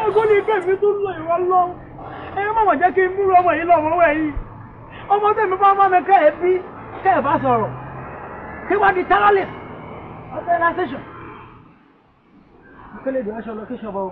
egún ni kẹ̀mí tó lọ ìwọ lọ ẹ má mà jẹ́ kí n múra ọmọ yìí lọ ọmọ wẹ̀yìn ọmọ tẹ̀mí bá má mi kẹ́ ẹ bí kẹ́ ẹ bá sọ̀rọ̀ kí wọ́n di tẹ́lọ́lẹ̀ ọ̀tẹ̀ lásìṣọ̀ kélédè aṣọ lọ kí ṣọ̀bọ̀ o.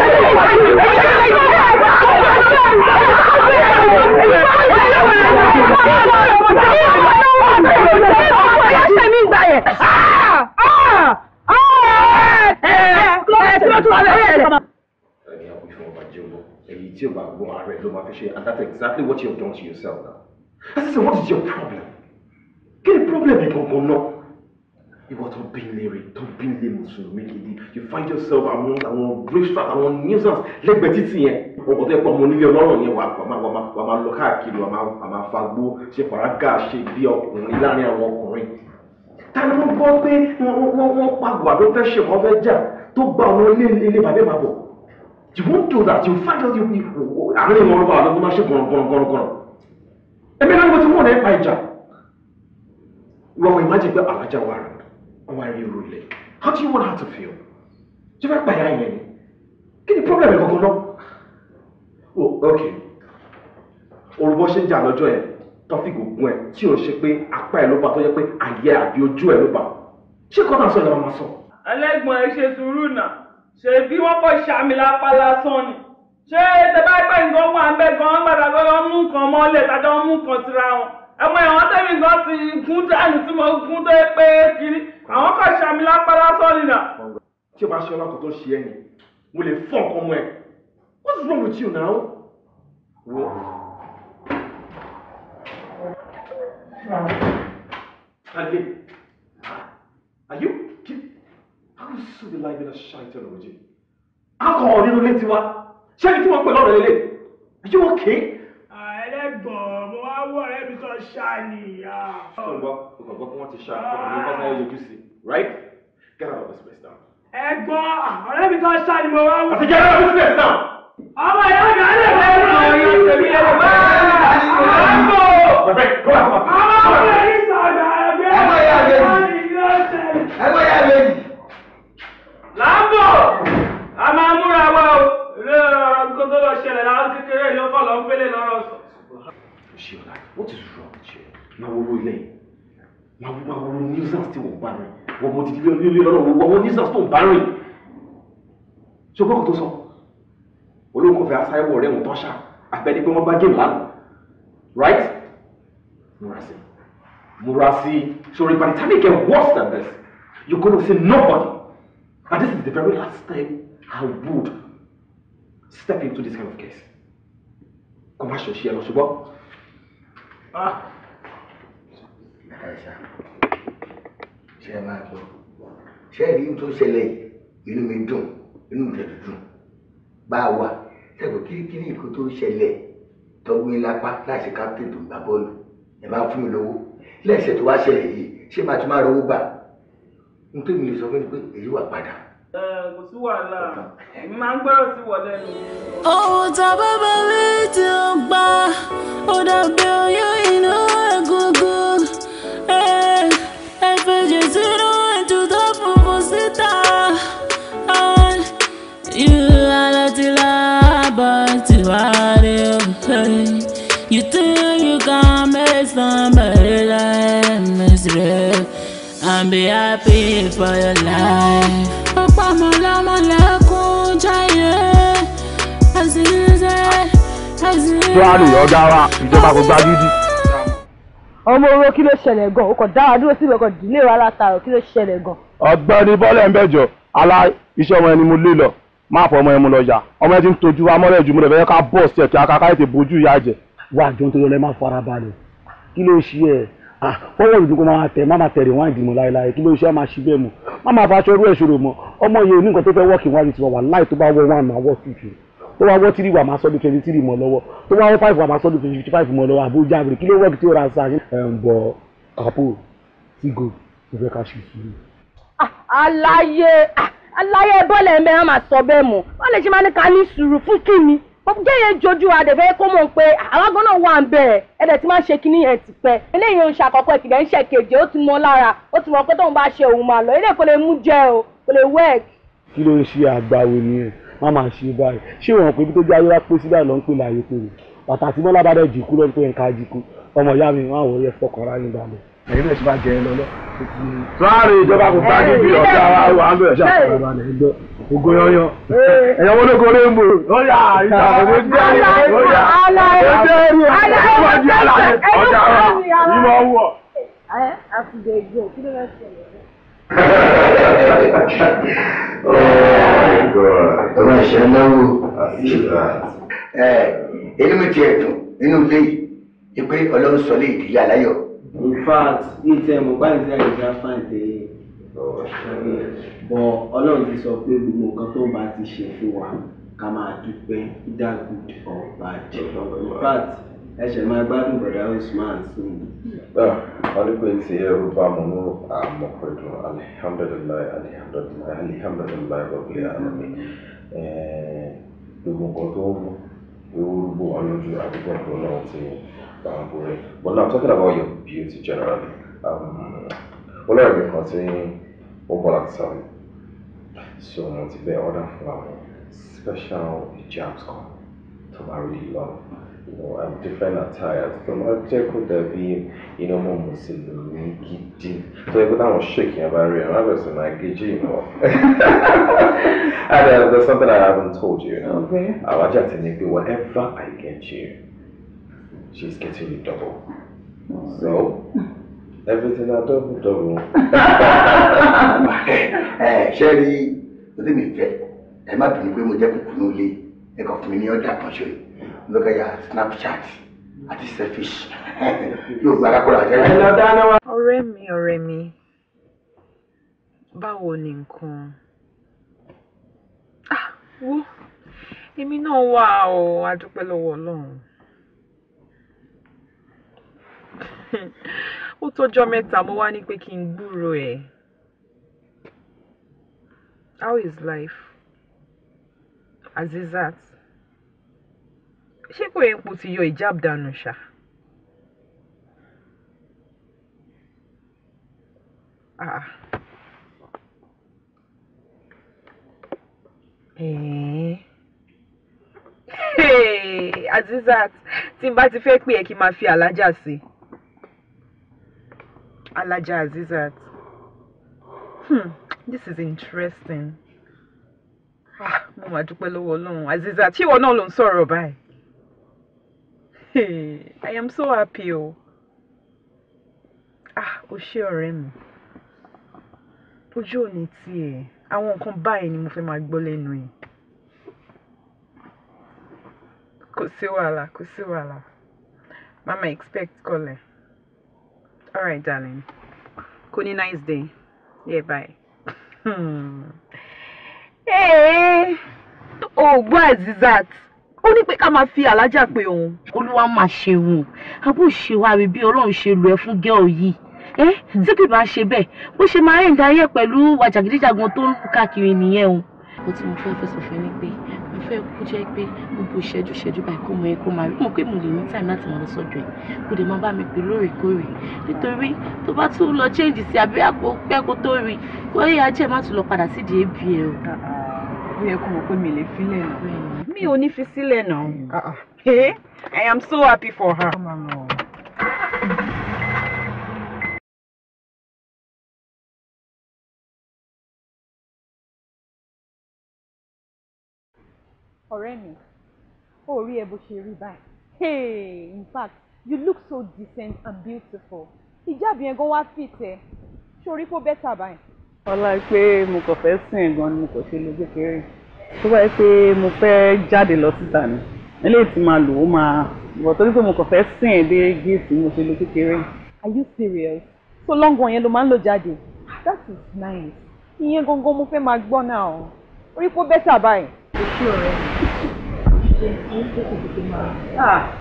and that's exactly what you have done to yourself now. I said, so what is your problem? Get a problem, people will know ìwọ tó bí lèrè tó bí lè mùsùlùmí gidi you find yourself among àwọn ritual àwọn nuisance lẹ́gbẹ̀ẹ́ títì yẹn ọkọ tó yẹ pọ̀ mọ́ nílé ọlọ́run yẹn wà máa wà máa lọ káàkiri wà máa fagbó ṣe pàrágà ṣe bí ọkùnrin láàrin àwọn ọkùnrin ta ni wọ́n gbọ́ pé wọ́n wọ́n pa gbàdó fẹ́ ṣe wọ́n fẹ́ jà tó gba ọmọ ilé ilé bàbá ìbàbọ you won't do that you find out you àárín ìwọ̀n ọlọ́pàá lọ́dún máa ṣe gbọ̀ngbọ̀ngbọ̀ngbọ̀n náà wọ́n ti wọ́n náà pa ìjà lọ́wọ́ ìmájì pé àlájà wà rẹ̀ ọmọ ayé ro ilẹ̀ how do you want her to feel ṣé fẹ́ pààyà yẹn ni kí ni problem kankan náà oh ok olùbọ́ ṣe ń jà lọ́jọ́ yẹn tọ́fíìk ògùn ẹ̀ tí ò ń ṣe pé apá ẹ̀ ló bá tó yẹ pé àyè àbí ojú ẹ̀ ló bá ṣé kọ́tà sọ ìlànà máa sọ. ẹlẹ́gbọ̀n ẹ ṣe sùúrù náà ṣe bí wọ́n kọ́ ṣàmì lápá lásán ni ṣé tẹ bá pẹ́ nǹkan wà ń bẹ́ gan-an gbàdàgbọ́ mú nǹkan mọ́lẹ̀ tàbí wọ́n mú nǹkan tira wọn ẹmọ ẹ̀wọ̀n tẹ́mi gan ti gún dání tí mo gún tó pé kiri àwọn kan ṣàmì lápára sọ́ọ̀lì náà. tí o bá ṣe ọlọ́kọ̀ tó ṣe ẹ̀yìn mo lè fọ́ nǹkan mọ́ ẹ what's wrong with you now. wo. Ade, are you kidding? How you so dey lie with a shite ọlọ́jì? Alcohol nínú ilé tiwa. Ṣé ibi tí wọ́n pè lọ́rọ̀ lélẹ̀? Are you okay? Ẹlẹ́gbọ̀n ṣá nìyà. ọkọ̀ gbọ́ ọkọ̀ gbọ́ kí wọ́n ti ṣá ọkọ̀ ní kọ́sán yóò yọjú sí right get out of this place now. ẹ gbọ́ ọ̀rẹ́ mi kan ṣá ni mo wá wù. àti get out of this place now. ọmọ ìyá mi á lè fẹ́ mi lọ rí èmi ẹ̀ bá a bọ̀. bẹ̀bẹ̀ kọ́ àwọn ọmọ ọmọ yìí sọ̀dọ̀ ẹgbẹ́ ẹgbẹ́ yà lè yìí. láàbọ̀ a máa múra wa o ilé ọ̀rọ̀ nǹkan tó lọ ṣẹlẹ̀ láwọn kékeré ìlú ọkọ̀ lọ́n pélé lọ́rọ̀ sọ. Ṣíọ́lá, what is wrong with you? Máa wúro ilé yìí. Máa wúro àwọn nuisance tí wọ́n bá rìn. Wọ́n mo ti di ilé lọ́rọ̀ wọ́n wọ́n nuisance tó ń bá rìn. Ṣé o gbọ́kàn tó sọ? Olóòkùn fẹ́ aṣáré wọ̀ rẹ̀ wọ́n tán ṣá. pé wọ́n bá géèmù lánàá. Right? Múra sí. Múra sí. Sorry, by the time it get worse than this, you're gonna see nobody. And this is the very last time I would step into this kind of case. Commercial, má ṣe ẹ lọ ṣùgbọ́n. Aisha, ṣe máa gbọ́. Ṣé ẹ̀rí a wà, ṣẹ́gun kíríkírí ìkó tó ṣẹlẹ̀ and be happy for your life. ọ̀pọ̀ mọ̀ lọ́mọ lẹ́kùn jáyé ẹ̀sìnlẹ̀ ẹ̀sìnlẹ̀. tíwárì ọ̀gá wa ìjọba kò gba gidi. ọmọ oró kí ló ṣẹlẹ̀ gan o kò dára dúró síbẹ̀ kò dílé wa látàrọ̀ kí ló ṣẹlẹ̀ gan. ọ̀gbẹ́ni bọ́lẹ̀ ń bẹ̀jọ ala iṣẹ́ ọmọ ẹni mo lé lọ máa fọ ọmọ ẹni mo lọ yá ọmọ ẹni tí ń tọ́jú wa mọ́lẹ̀ jù mo lè fẹ́ ká bọ̀ sí ẹ̀ kí akáká ètè bójú ìyá jẹ. wá àjọ nítorí ọlẹ́ máa fọ ara balẹ̀ kí ló ṣe ẹ̀ Ah, wọ̀ lójú kó máa tẹ̀ má máa tẹ̀rẹ̀ wọ́n ìdìmọ̀ láéláé kí ló ń ṣe á máa ṣí bẹ́ẹ̀ mọ̀ má máa faṣọ irú ẹ̀ ṣòro mọ́ ọmọ yìí ò ní nǹkan tó fẹ́ wọ́ọ̀kì wájú tiwa wà láì tó bá wọ one máa wọ́ two two tó bá wọ́ three wà máa sọ́dún twenty three mọ́ lọ́wọ́ tó bá wọ́ five wà máa sọ́dún twenty five mọ́ lọ́wọ́ àbújá rẹ̀ kí ló wọ́ọ̀kì tí ó ra sáà. ẹ̀ ń bọ̀ àpò tí gò ìfẹ́ ká ṣe ìṣirò. Ah, aláyé ah, aláyé bọ́ọ̀lù ẹ̀mẹ́ ó fi jẹ́yẹ jojú adẹ̀fẹ́ kó mọ̀ pé alágbọ́n náà wà ń bẹ̀rẹ̀ ẹ̀dẹ̀ tí máa ń ṣe kínní ẹ̀ ti pẹ́ eléyìí ń ṣàkọ́kọ́ ìkìlẹ̀ ń ṣèkejì ó ti mọ lára ó ti mọ pé tóun bá ṣe òun máa lọ eléyìí kò lè mú jẹ o kò lè wẹ́ẹ̀k. kí ló ń ṣe àgbàwò nìyẹn má máa ṣe báyìí ṣé wọn pé tó jáwé wá pé síbẹ̀ ló ń pè láyé pé bàtà tí mọ́lá bá ló ń pè ń ká jìkú ọmọ ìyá mi máa wọlé fọkànrá nígbà mi ẹ̀yin náà ti bá jẹ ẹ lọ́lọ́. láàrin ìjọba kò bá níbi ọ̀gá wa wà á bẹ̀rẹ̀ ṣáà fún ọba rẹ̀ ẹjọ́ ogun yanyan ẹ̀yàn wọn ló kọ́ lé ń bò lọ́yà ìṣàkóso jẹ́ lọ́yà ọjọ́ ẹ̀rí ọjọ́ ẹ̀rí ọjà wa ìwọ wọ̀. àfùjẹ ìjọ kí ló fẹ́ sọ ọmọ ìṣẹ́ náwó ẹ inú mi tiẹ̀ dùn inú ilé yìí pé ọlọ́run sọ lé ìdílé aláyọ̀ in fact ní tẹ mọ̀ báyìí tí àyíká fáìn tẹ̀yẹ bọ̀ ọlọ́run ti sọ pé gbogbo nǹkan tó bá ti ṣe fún wa ká máa dúpẹ́ either in fact ah, bá ní alihamdulilayi alihamdulilayi alihamdulilayi eh, gbogbo nǹkan tó ń don't worry. But now talking about your beauty generally, um, when I recording over at some, so mo ti bẹ order fún àwọn um, special hijabs come to marry you, love. You know, and um, different attires. From my check could the beam, you know, more Muslim gidi. So if that was shaking about real, I was in like gidi, you know. <laughs> and uh, there's something I haven't told you, you know. Okay. I'll was just whatever I get you, she's getting a double. So, everything are double double. <laughs> Eh, Ṣẹ́rí, o lè mi fẹ́, ẹ má bínú pé mo jẹ́ kùkùnú ilé, ẹ kàn fún mi ní ọ̀dà kan ṣe, lọ́kẹ́yà Snapchat àti selfish. <laughs> Yóò gba alákọ̀ọ́ra jẹ́. Ẹ lọ dáná wá. Ọ̀rẹ́ mi, ọ̀rẹ́ mi, báwo ni nǹkan? Ah, wo, èmi náà wà o, a dúpẹ́ lọ́wọ́ Ọlọ́run. ó tọ́jọ́ mẹ́ta mo wá ní pé kí n gbúrò ẹ̀ how is life Azizat ṣé kò yẹ kó ti yọ ìjáàb dànù ṣá. Ah. Eh. Hey, Azizat tí n bá ti fẹ́ pè ẹ́ kí n máa fi àlájà sí i. Alaja Azizat. Hmm, this is interesting. Ah, mo máa dúpẹ́ lọ́wọ́ Ọlọ́run. Azizat, ṣé ìwọ náà ló ń sọ̀rọ̀ Hey, I am so happy oh. Ah, o ṣé ọ̀rẹ́ mi. Ojú ò ní tiẹ̀. Àwọn nǹkan báyìí ni mo fẹ́ máa gbọ́ lẹ́nu yìí. Kò sí wàhálà, kò sí wàhálà. Mama expect kọ́lẹ̀ all right darling Good nice day yeah bye. ẹ̀ẹ́ <laughs> ògbọ́n eh, Azizat ó ní pé ká máa fi alájà pé òun. olúwa máa ṣeun àbú ṣèwárí bí ọlọ́run ṣe lù ẹ́ fún gẹ́ọ̀ yìí ẹ eh, tí kì bá ṣe bẹ́ẹ̀ bó ṣe máa ń darí ẹ̀ pẹ̀lú wàjàgídíjàgan tó ń káàkiri nìyẹn o. mo ti mọ fẹ́ fẹ́ sọ fún mi pé fẹ́ kó jẹ́ pé gbogbo ìṣẹ́jú ìṣẹ́jú báyìí kó mọ ẹ kó máa rí mo pé mo lè ní time láti máa lọ sọ́dọ̀ ẹ̀ kó dẹ̀ máa bá mi pè lóòrèkóòrè nítorí tó bá tún lọ change sí àbí àpò pẹ́ kó tó rí kó yẹ ajẹ́ má tún lọ padà sídìí ah, ah. èébì ẹ o. ó yẹ kó mọ̀ pé mi lè filẹ̀ náà. mi ò ní fi sílẹ̀ náà. Ah, eh? I am so happy for her. ọ̀rẹ́ mi ó rí ẹ bó ṣe rí báyìí hey in fact you look so decent and beautiful ìjáàbí yẹn gan wá fit ẹ ṣorí pé ó bẹ́tà báyìí. ọlá pé mo kàn fẹ́ sìn gan ni mo kàn ṣe lo kékeré tó bá yẹ pé mo fẹ́ jáde lọ síta ni eléyìí ti máa lò ó máa bọ̀ torí pé mo kàn fẹ́ sìn dé géètì mo ṣe lo kékeré. are you serious? so lọ́ngàn yẹn ló máa ń lò jáde that is nice ìyẹn gangan mo fẹ́ máa gbọ́ náà o orí pé ó bẹ́tà báyìí. kò sí ọ̀rẹ́ mi ṣe ń tó kò tó máa à kí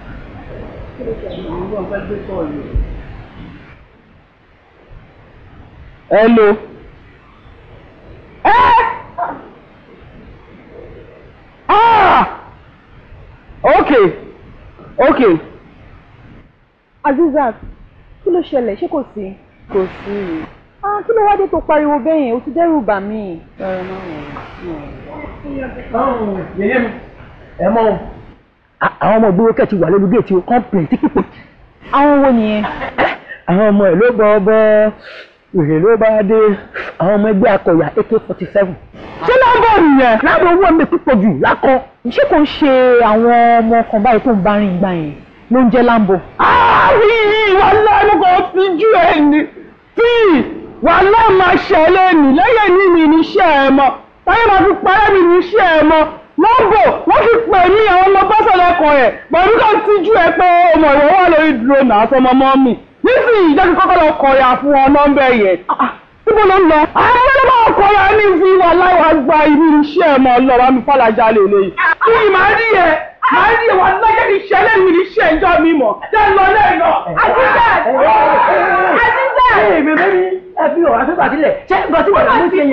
Ah! Okay. Okay. Azizat, kí ló ṣẹlẹ̀? Ṣé kò sí? Kò sí. Ah, kí ló wá dé tó pariwo bẹ́yẹn? O ti dẹ́rù bà mí. Báwo ni? Báwo ni? Yẹ́yẹ́ mi ẹ mọ àwọn ọmọ ìgboro kẹ́ ti wà lórí géètì o kọ́ńpìlẹ̀ tí pípò. àwọn wo nìyẹn. àwọn ọmọ ẹ ló bọ ọbọ wèrè ló bá dé àwọn ọmọ ẹgbẹ́ akọ̀yà ak forty seven. ṣé lábọ̀ nìyẹn. lábọ̀ owó mi pípọ̀ jù lákọ. ṣé kò ń ṣe àwọn ọmọ kan báyìí tó ń bá rìn gbà yẹn ló ń jẹ́ láǹbọ̀. àárí wàhálà ló kọ́ fi jú ẹ̀ ní tíì wàhálà máa ṣẹlẹ̀ nì lẹ́yìn ní mi níṣẹ́ ẹ̀ mọ́ táyé máa fi parẹ́ mi níṣẹ́ ẹ̀ mọ́ lọ́gbọ̀ wọ́n fi pè ní àwọn ọmọ bọ́sọ̀lẹ́kọ̀ rẹ̀ pẹ̀lú kan tíjú ẹ pé ọmọ ìwọ wà lórí drone àtọmọ mọ́mì nísìnyí jẹ́ kí kọ́kọ́ lọ kọ̀ọ̀yà fún ọ nọ́mbẹ̀ yẹn níbo ló ń lọ. àwọn ọmọ ọkọ rẹ ní fi wà láwọn àgbà irú iṣẹ́ ẹ̀ mọ́ lọ wà mí fàlàjà lè lè. kí ni màá rí ẹ màá rí ẹ wà lọ́jọ́ ní iṣẹ́ lẹ́yìn ní iṣẹ́ ìjọ mi mọ̀ jẹ́ lọ lẹ́yìn náà. àti bẹ́ẹ̀ àti bẹ́ẹ̀ ẹ fi ọ̀rọ̀ afẹ́fà sílẹ̀ ṣé nǹkan tí wọ́n lọ sí yẹn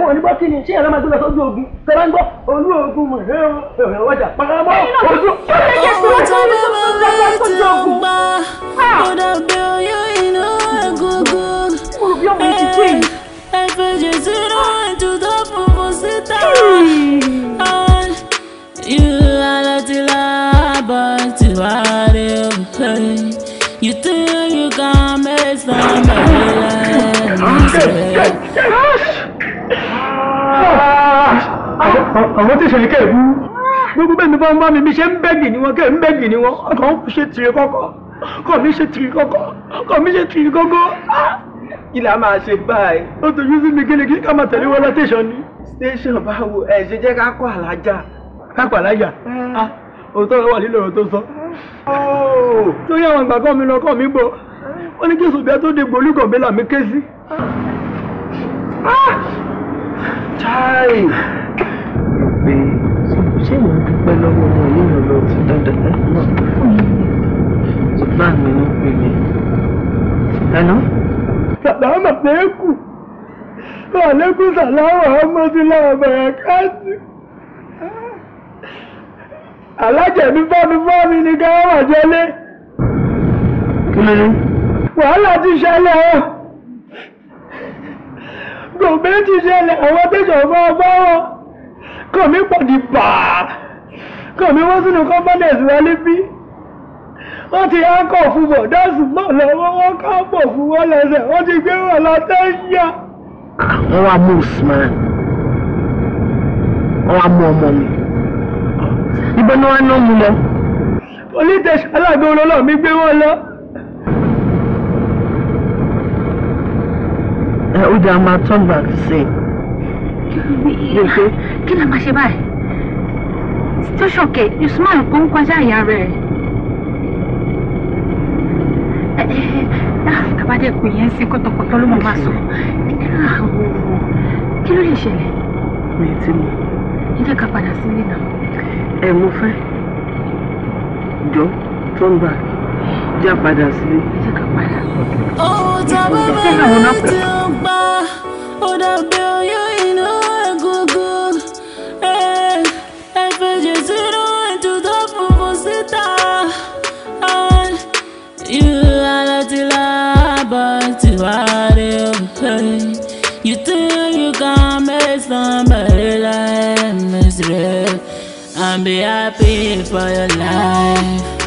wọn ò ní bọ́ kí ni ṣé ìyàrá máa gbé lọ sójú ogun tó bá ń gbọ́ olú ogun mọ̀ ẹ́ ọ̀rọ̀ ọjà pàrọ̀mọ́ ojú You think you can make somebody àwọn tí ìṣẹ̀lẹ̀ kẹ́ ẹ̀ bú gbogbo bẹ́ẹ̀ ni wọ́n bá mi mi ṣe ń bẹ́gì ni wọ́n kẹ́ ń bẹ́gì ni wọ́n kàn ń ṣe tìrì kọ́kọ́ kàn mí ṣe tìrì kọ́kọ́ kàn mí ṣe tìrì kọ́kọ́ kí la máa ṣe báyìí. ó tojú sí mi kíni kí ká máa tẹ̀lé wọn lọ tẹ̀sán ni. tẹ̀sán báwo ẹ ṣe jẹ́ ká kọ́ àlájà. ká kọ́ àlájà ah, òótọ́ wà nílò ọ̀rọ̀ tó sọ. lórí àwọn ìgbà kan mi lọ kọ́ mi bọ̀ wọ́n ní jésù bí a tó dé gbolúgọ̀bẹ́ làmí ké sí. Ah! Ah! chai pé ṣé mo ń dúpẹ́ lọ́wọ́ ọmọ yìí lọ lọ sí dandan náà bá mi ń pè mí. ẹnu. sàlámà lẹ́kù àlékún sàlámà ọmọdúnláwà bẹ̀rẹ̀ káàtì. alájẹ̀mí fọ́nufọ́mi ni káwọn àjọlé. kí ló dé wàhálà ti ṣẹlẹ̀ o gòmé ti ṣẹlẹ̀ àwọn tẹ̀sọ̀fọ́ ọgbọ́wọ́ kọ̀mí pọ̀dì pàà kọ̀mí wọ́n sínú kọ́fọ́dẹ̀sì wọlé bí wọ́n ti á kọ̀ fún bọ̀ dẹ́sù mọ́ lọ́wọ́ wọ́n ká bọ̀ fún wọn lẹ́sẹ̀ wọ́n ti gbé wọn lọ tẹ́yà. wọ́n wá mú Usman wọ́n wá mú ọmọ mi ibẹ̀ ni wọ́n á ná mú lọ. police station alágbèrè olólùmí gbé wọn lọ. ó dáa máa tán gbà sí i. kí ló máa ṣe báyìí station kẹ usman kò ń kọjá ìyá rẹ. àbádẹ́ kò yẹn sí kọ́tọ̀kọ́tọ́ ló máa sọ ah, kí ló lè ṣẹlẹ̀. mi ò tí mọ̀. ilé ká padà sílé náà. ẹ mo fẹ́ jọ tó ń gbà já padà sílé jẹ́ ká padà. ohun tábà bẹ̀rẹ̀ tí ó ń pa ó dàbí oyún inú egungun ẹ̀ẹ́dẹ̀gbẹ̀jẹ̀ sínú ètò tó funfun síta. You alatila abatiware You think you can make somebody like me And be happy for your life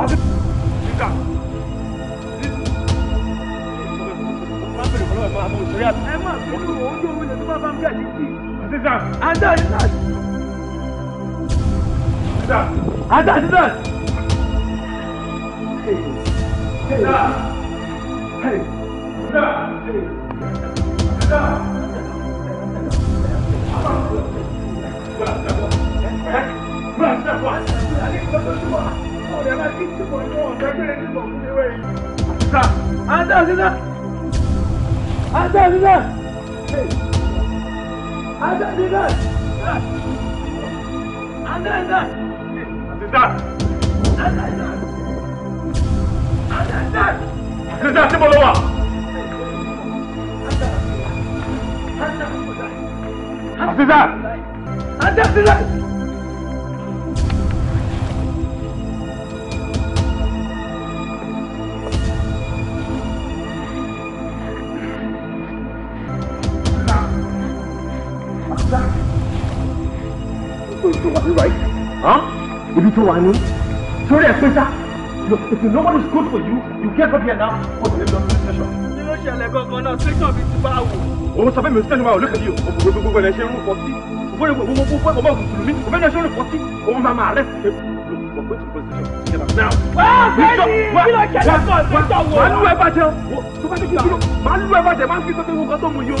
Amiga. díẹ̀ títì. Ada Adidas. Ada Adidas. Ada Adidas. Ada Adidas. Hey. I said did Anda And then that. Anda then that. Anda then that. And then that. Anda. Anda that. And then Anda Aziza! Aziza! sí wáyé ibi tó wà ní sórí ẹ̀ pé sá if you know what is good for you you get up here now o ti lè lọ sí station. kí ló ṣẹlẹ̀ gangan náà station bíi ti bá wò. òun sọ pé mi ò sẹ́nu máa wò lókè yìí o kò gbogbo ẹ̀ ṣe ń rúkọ sí òfin ìwé owó fún ọmọ mùsùlùmí òfin ìwé ṣe ń rúkọ sí òun máa máa rẹ̀ ṣe lọ pé tìǹbù station ṣe máa náà. wá bẹ́ẹ̀ni kí ló ṣẹlẹ̀ gan-an station wò. màá lù ẹ bàjẹ́ o tó bá dé kí n bí lọ màá lù ẹ bàjẹ́ máa ń fi sọ́kẹ́ wọn kan tó mú yìí o.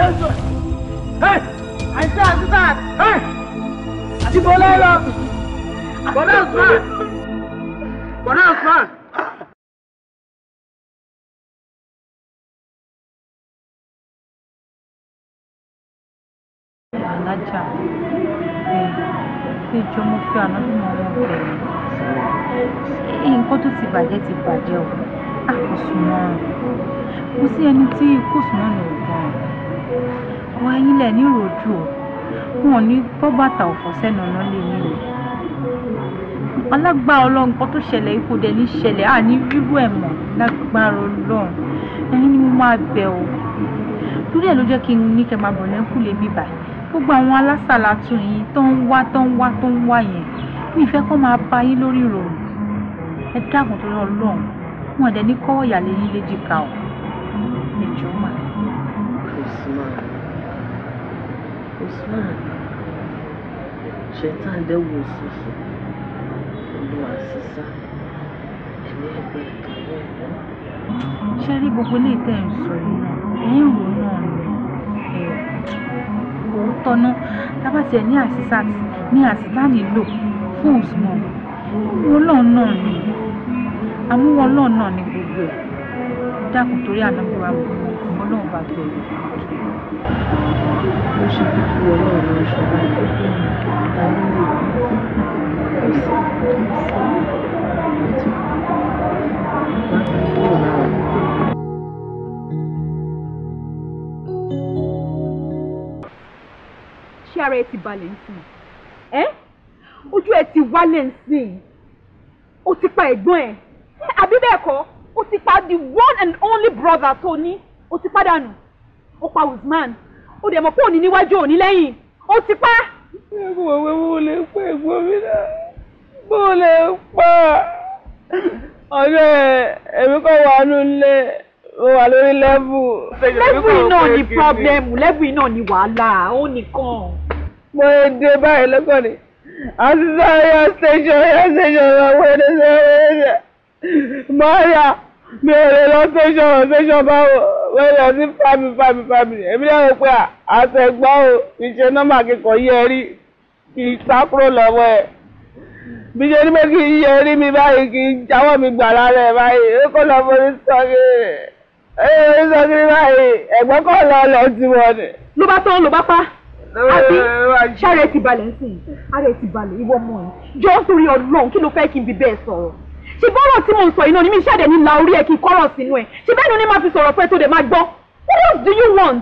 àìsàn àti sáà àdìbò lẹ́rọ bọ̀dá ọ̀sán bọ̀dá ọ̀sán. alájà pé jọ mo fẹ́ ànábì mọ́ wọn bẹ̀rẹ̀ eh, nǹkan tó ti bàjẹ́ ah, kò sí ẹni tí kò sùn náà lè gan ọwọ́ ẹ̀yin lẹ̀ ní ìròjú o wọn ò ní gbọ́ ọ̀fọ̀ sẹ́nu ọ̀nà lè ní o alágbára ọlọ́run kan tó ṣẹlẹ̀ ikú dẹ̀ ní ṣẹlẹ̀ à ní rírú ẹ̀ mọ̀ lágbára ọlọ́run ẹ̀yin ni mo máa bẹ̀ o torí ẹ̀ ló jẹ́ kí n ní kẹ́ máa bọ̀ lẹ́kù lè mí báyìí gbogbo àwọn alásàlá tún yín tó ń wá tó ń wá tó ń wá yẹn mi ìfẹ́ kó máa bá yín lórí ìròyìn ẹ dákun tó lọ lọ́hùn-ún wọn dẹ̀ ní kọ́ ọ̀yà lẹ́yìn léjìká o ẹ̀jọ̀ máa. Usman Usman shetan dẹ wo soso ọdún àṣìṣà ẹni ẹgbẹ ìkàwé ẹgbẹ. ṣé rí gbogbo ilé ìtẹ́ ẹ̀ sọ yìí ẹ̀yìn wò náà ẹ̀ kò ń tọ́nú tábàtì ẹ̀ ní àṣìṣà ní àṣìṣà nílò fún Usman wọn náà náà ni àmúwọn náà náà ni gbogbo ẹ̀ dákùn torí ànágbó àwọn ọmọ ọlọ́run bá tó mo ṣe bí kí wọn náà lọ ṣọlá ìlú ìta nílé mi kò sí kò sí ètò ìgbàgbọ́ náà. ṣé ara ẹ ti balẹ̀ nísìnyí ẹ ojú ẹ ti wálẹ̀ nísìnyí o ti pa ẹ̀gbọ́n ẹ̀ àbí bẹ́ẹ̀ kọ́ o ti pa the one and only brother tó ní o ti padà nù ó pa Usman ó dẹ̀ mọ̀ pé òní níwájú òní lẹ́yìn ó ti pa. ẹ̀gbọ́n mo lè pa ẹ̀gbọ́n mo lè pa ọ̀rẹ́ ẹ̀mí kọ́ wà nílé ó wà lórí lẹ́bù. lẹ́bù iná ni pọ́blẹ́mù lẹ́bù iná ni wàhálà ó nìkan. mo lè dé báyìí lọ́kàn ni àti sáré ọ̀ station ọ̀ station ọ̀ wẹ́ẹ́dẹ́sẹ̀ wẹ́ẹ́dẹ́sẹ̀ mọ́ra mi ò lè lọ station station báwo wẹ́rẹ́ ọtí family family family èmi náà rò pé àtẹ̀gbọ́ o ìṣe nọ́mbà kíkọ yí ẹ rí kì í sá kúrò lọ́wọ́ ẹ̀ bí ṣe ní pé kì í yẹ rí mi báyìí kì í jáwọ́ mi gbà lára báyìí ó kò lọ forí sọ́kì ẹ̀ ẹ̀ sọ́kì báyìí ẹ̀gbọ́n kò lọ lọ sí wọn ni. ló bá tán ló bá pa àbí ṣáà ti balẹ̀ ń sìn ara ti balẹ̀ ìwọ ọmọ yìí jọ́ sórí ọlọ́run kí ló fẹ́ kí n bí bẹ́ẹ̀ sọ̀rọ̀ ṣe bọ́rọ̀ tí mo ń sọ iná ni mi ṣàdẹ̀ ní la orí ẹ̀ kí kọ́rọ̀ sínú ẹ̀ ṣe bẹ́ẹ̀ ni ó ní máa fi sọ̀rọ̀ fẹ́ tó dẹ̀ máa gbọ́ what else do you want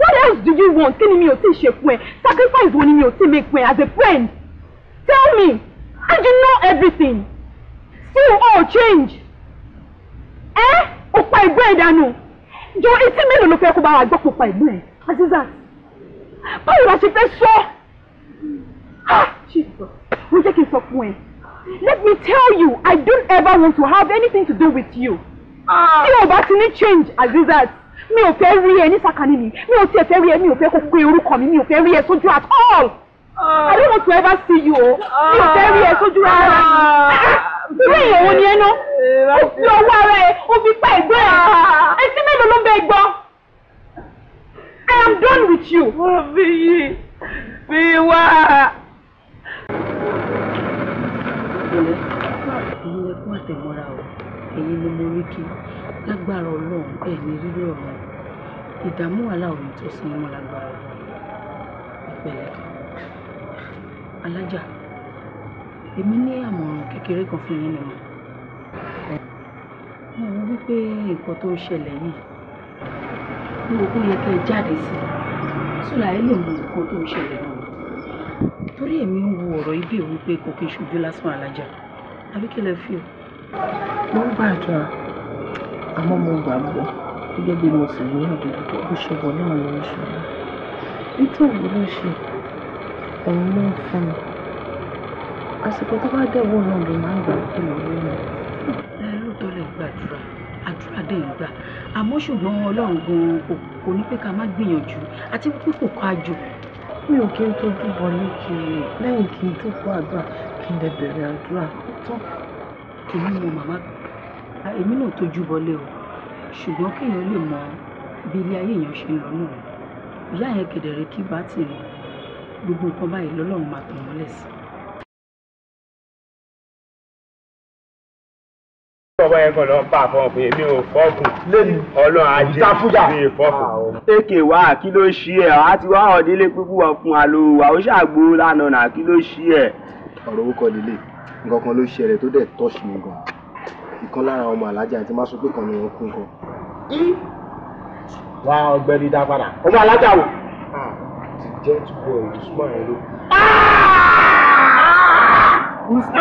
what else do you want kí ni mi ò tí ì ṣe fún ẹ sacrifice wo ni mi ò tí ì make fún ẹ as a friend tell me and you know everything still all change ẹ o pa ẹ̀gbọ́n ẹ dànù jọ etí mélòó ló fẹ́ kó bá wa gbọ́ kó pa ẹ̀gbọ́n ẹ aziza báwo la ṣe fẹ́ sọ ah jesus mo jẹ́ kí n sọ fún ẹ. Let me tell you, I don't ever want to have anything to do with you. Tí ah. o bá ti change Azizat, mi ò fẹ́ rí any ní me. Me mi every tiẹ̀ fẹ́ rí ẹ, mi me fẹ́ every pé orúkọ mi, at all. Ah. I don't want to ever see you o, mi ò fẹ́ rí ẹ sójú rárá mi. Ah. Ilé ìyẹ̀wò ni ẹ ná, ó eh, fi ọwọ́ ara ẹ, ó fi go. ẹ̀gbọ́n ẹ̀, etí mélòó ló ń bẹ I am done with you. Bí be bí wá èyí lè kún àtẹ̀mọ́ra o èyí ni mo rí kí lágbára ọlọ́run bẹ́ẹ̀ ni rírì ọ̀rọ̀ ìdààmú wàhálà òní tó sin mọ́ lágbára ìpẹ̀lẹ̀ alájà èmi ní àmọ̀ràn kékeré kan fún yín nìyẹn mo rò wípé nǹkan tó ń ṣẹlẹ̀ yìí mo rò pé yẹ kẹ́ jáde sí i sólà ẹ lè mọ nǹkan tó ń yìí torí èmi ń wo ọ̀rọ̀ ibè wípé kò kí ṣojú lásán alájà àbí kí lẹ fi o. mo ń gbàdúrà àmọ́ mo gbàgbọ́ gẹ́gẹ́ bí mo sì ní òdodo pé bó ṣe wọ̀ náà ló ń ṣe wá nítorí òun ló ṣe òun ló ń fún mi àsìkò tó bá dẹ̀wọ̀ náà ló máa ń gbà pé òun ló ń lóòótọ́ lè gbàdúrà àdúrà dé ìgbà àmọ́ ṣùgbọ́n ọlọ́run gan-an kò ní pé ká má gbìyànjú àti wípé kò ká jù mi ò kí n tójú bọ̀ ní kiri lẹ́yìn kí n jókòó àdúrà kí n lè bẹ̀rẹ̀ àdúrà tán èmi mo màmá èmi náà tójú bọlé o ṣùgbọ́n kéèyàn lè mọ bí ilé ayé èèyàn ṣe lọ náà ìyá yẹn kedere kí bá ti rìn gbogbo nǹkan báyìí lọ́lọ́run máa tàn mọ́lẹ̀ sí i. bàbá yẹn kàn lọ bá fọ pé mi ò fọkùn lẹnu Ọlọ́run ajé mi ò fọkùn. èkè ah, wá kí ló ṣí ẹ a ti wá ọdẹ ilé pípú ọkùn àlò àwòṣàgbò lánàá nà kí ló ṣí ẹ. ọ̀rọ̀ owó kọ́ lélẹ̀ nǹkan kan ló ṣẹlẹ̀ tó dẹ̀ tọ́ṣì mi gan ìkan lára ọmọ alájà àti má kan ni wọn kún kan. wá ọgbẹ́ni dá padà ọmọ alájà wò. Ah, ti jẹ́ tukọ̀ ìdúsùmọ̀ yẹn ló. Ah! usman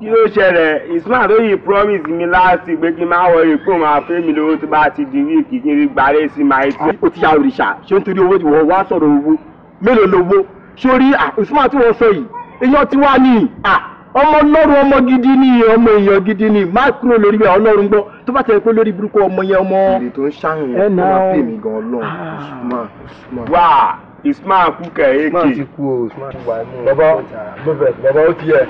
kí ló ṣẹlẹ̀ usman tó yìí promise mi láti pé kí n máa wọlé pé òun àfẹ́ mi lówó tó bá ti di wíìkì kí n rí gbalẹ̀ sí máa ti. àbí kò ti ya òrìṣà ṣé nítorí owó tí wọ́n wá sọ̀rọ̀ owó mélòó lowó sórí usman tí wọ́n sọ yìí èèyàn ti wá ní ọmọ ọlọ́run ọmọ gidi ni ọmọ èèyàn gidi ni má kúrò lórí ẹ̀ ọlọ́run gbọ́ tó bá tẹ̀lé pé lórí burúkú ọmọ yẹn ọmọ. èrè tó ń ṣàyàn ẹ̀ náà ó Ismail kú kẹ̀ AK. Ismail ti kú o Ismail ti wà nù. Bàbá bàbá ó ti yẹ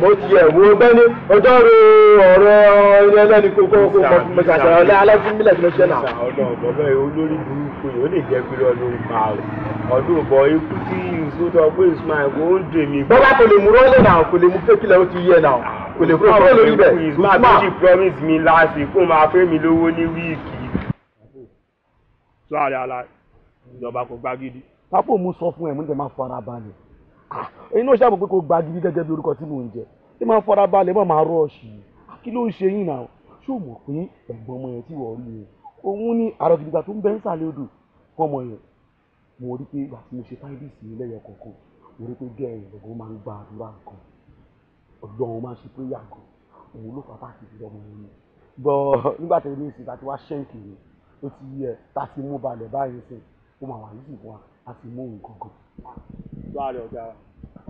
mo ti yẹ wo bẹ́ni ọjọ́ rẹ ọ̀rọ̀ ilé ẹlẹ́ni kókó kókó mo ṣàṣàrà ọ̀lẹ́ aláfínbílẹ̀ tí mo ṣe náà. ọ̀dọ̀ bàbá yìí olórí burúkú yìí ó lè jẹ́ pé ọdún ìgbà ọdún ìbọ̀ ikú tí ìṣòtọ̀ pé Ismail kò ń dè mí. bọ́lá kò lè mú rọ́lẹ̀ náà kò lè mú kékeré ó ti yẹ náà kò lè kúrò kúrò lórí bẹ̀. Ismail tó ti promise mi láti kó máa fẹ́ mi lówó ní wíìkì ìjọba kò gbagidi. pápá òun sọ fún ẹ mo ní kẹ máa fara balẹ̀ ẹ̀yin náà ṣàmù pé kò gbagidi gẹ́gẹ́ bí orúkọ tí mò ń jẹ ẹ máa fara balẹ̀ má máa rọ́ọ̀ṣì kí ló ń ṣe yín náà ṣó mọ̀ pé ẹ̀gbọ́n ọmọ yẹn tí wọ́n rí o òun ní àròkìdìgbà tó ń bẹ́ ń sàlẹ̀ odò fún ọmọ yẹn mo rí pé ìgbà tí mo ṣe fáìlìsì yìí lẹ́yọ kọ̀ọ̀kan mo rí pé gẹ́ẹ̀ ìlọ́gbọ́n máa ń gba àdúrà nǹkan ọ̀dọ́ wọn máa ń ṣe péyà gan òun ló fàtà sí ìdílé ọmọ yẹn ó máa wà yìí wà á fi mú òun gangan. láàárẹ̀ ọ̀gá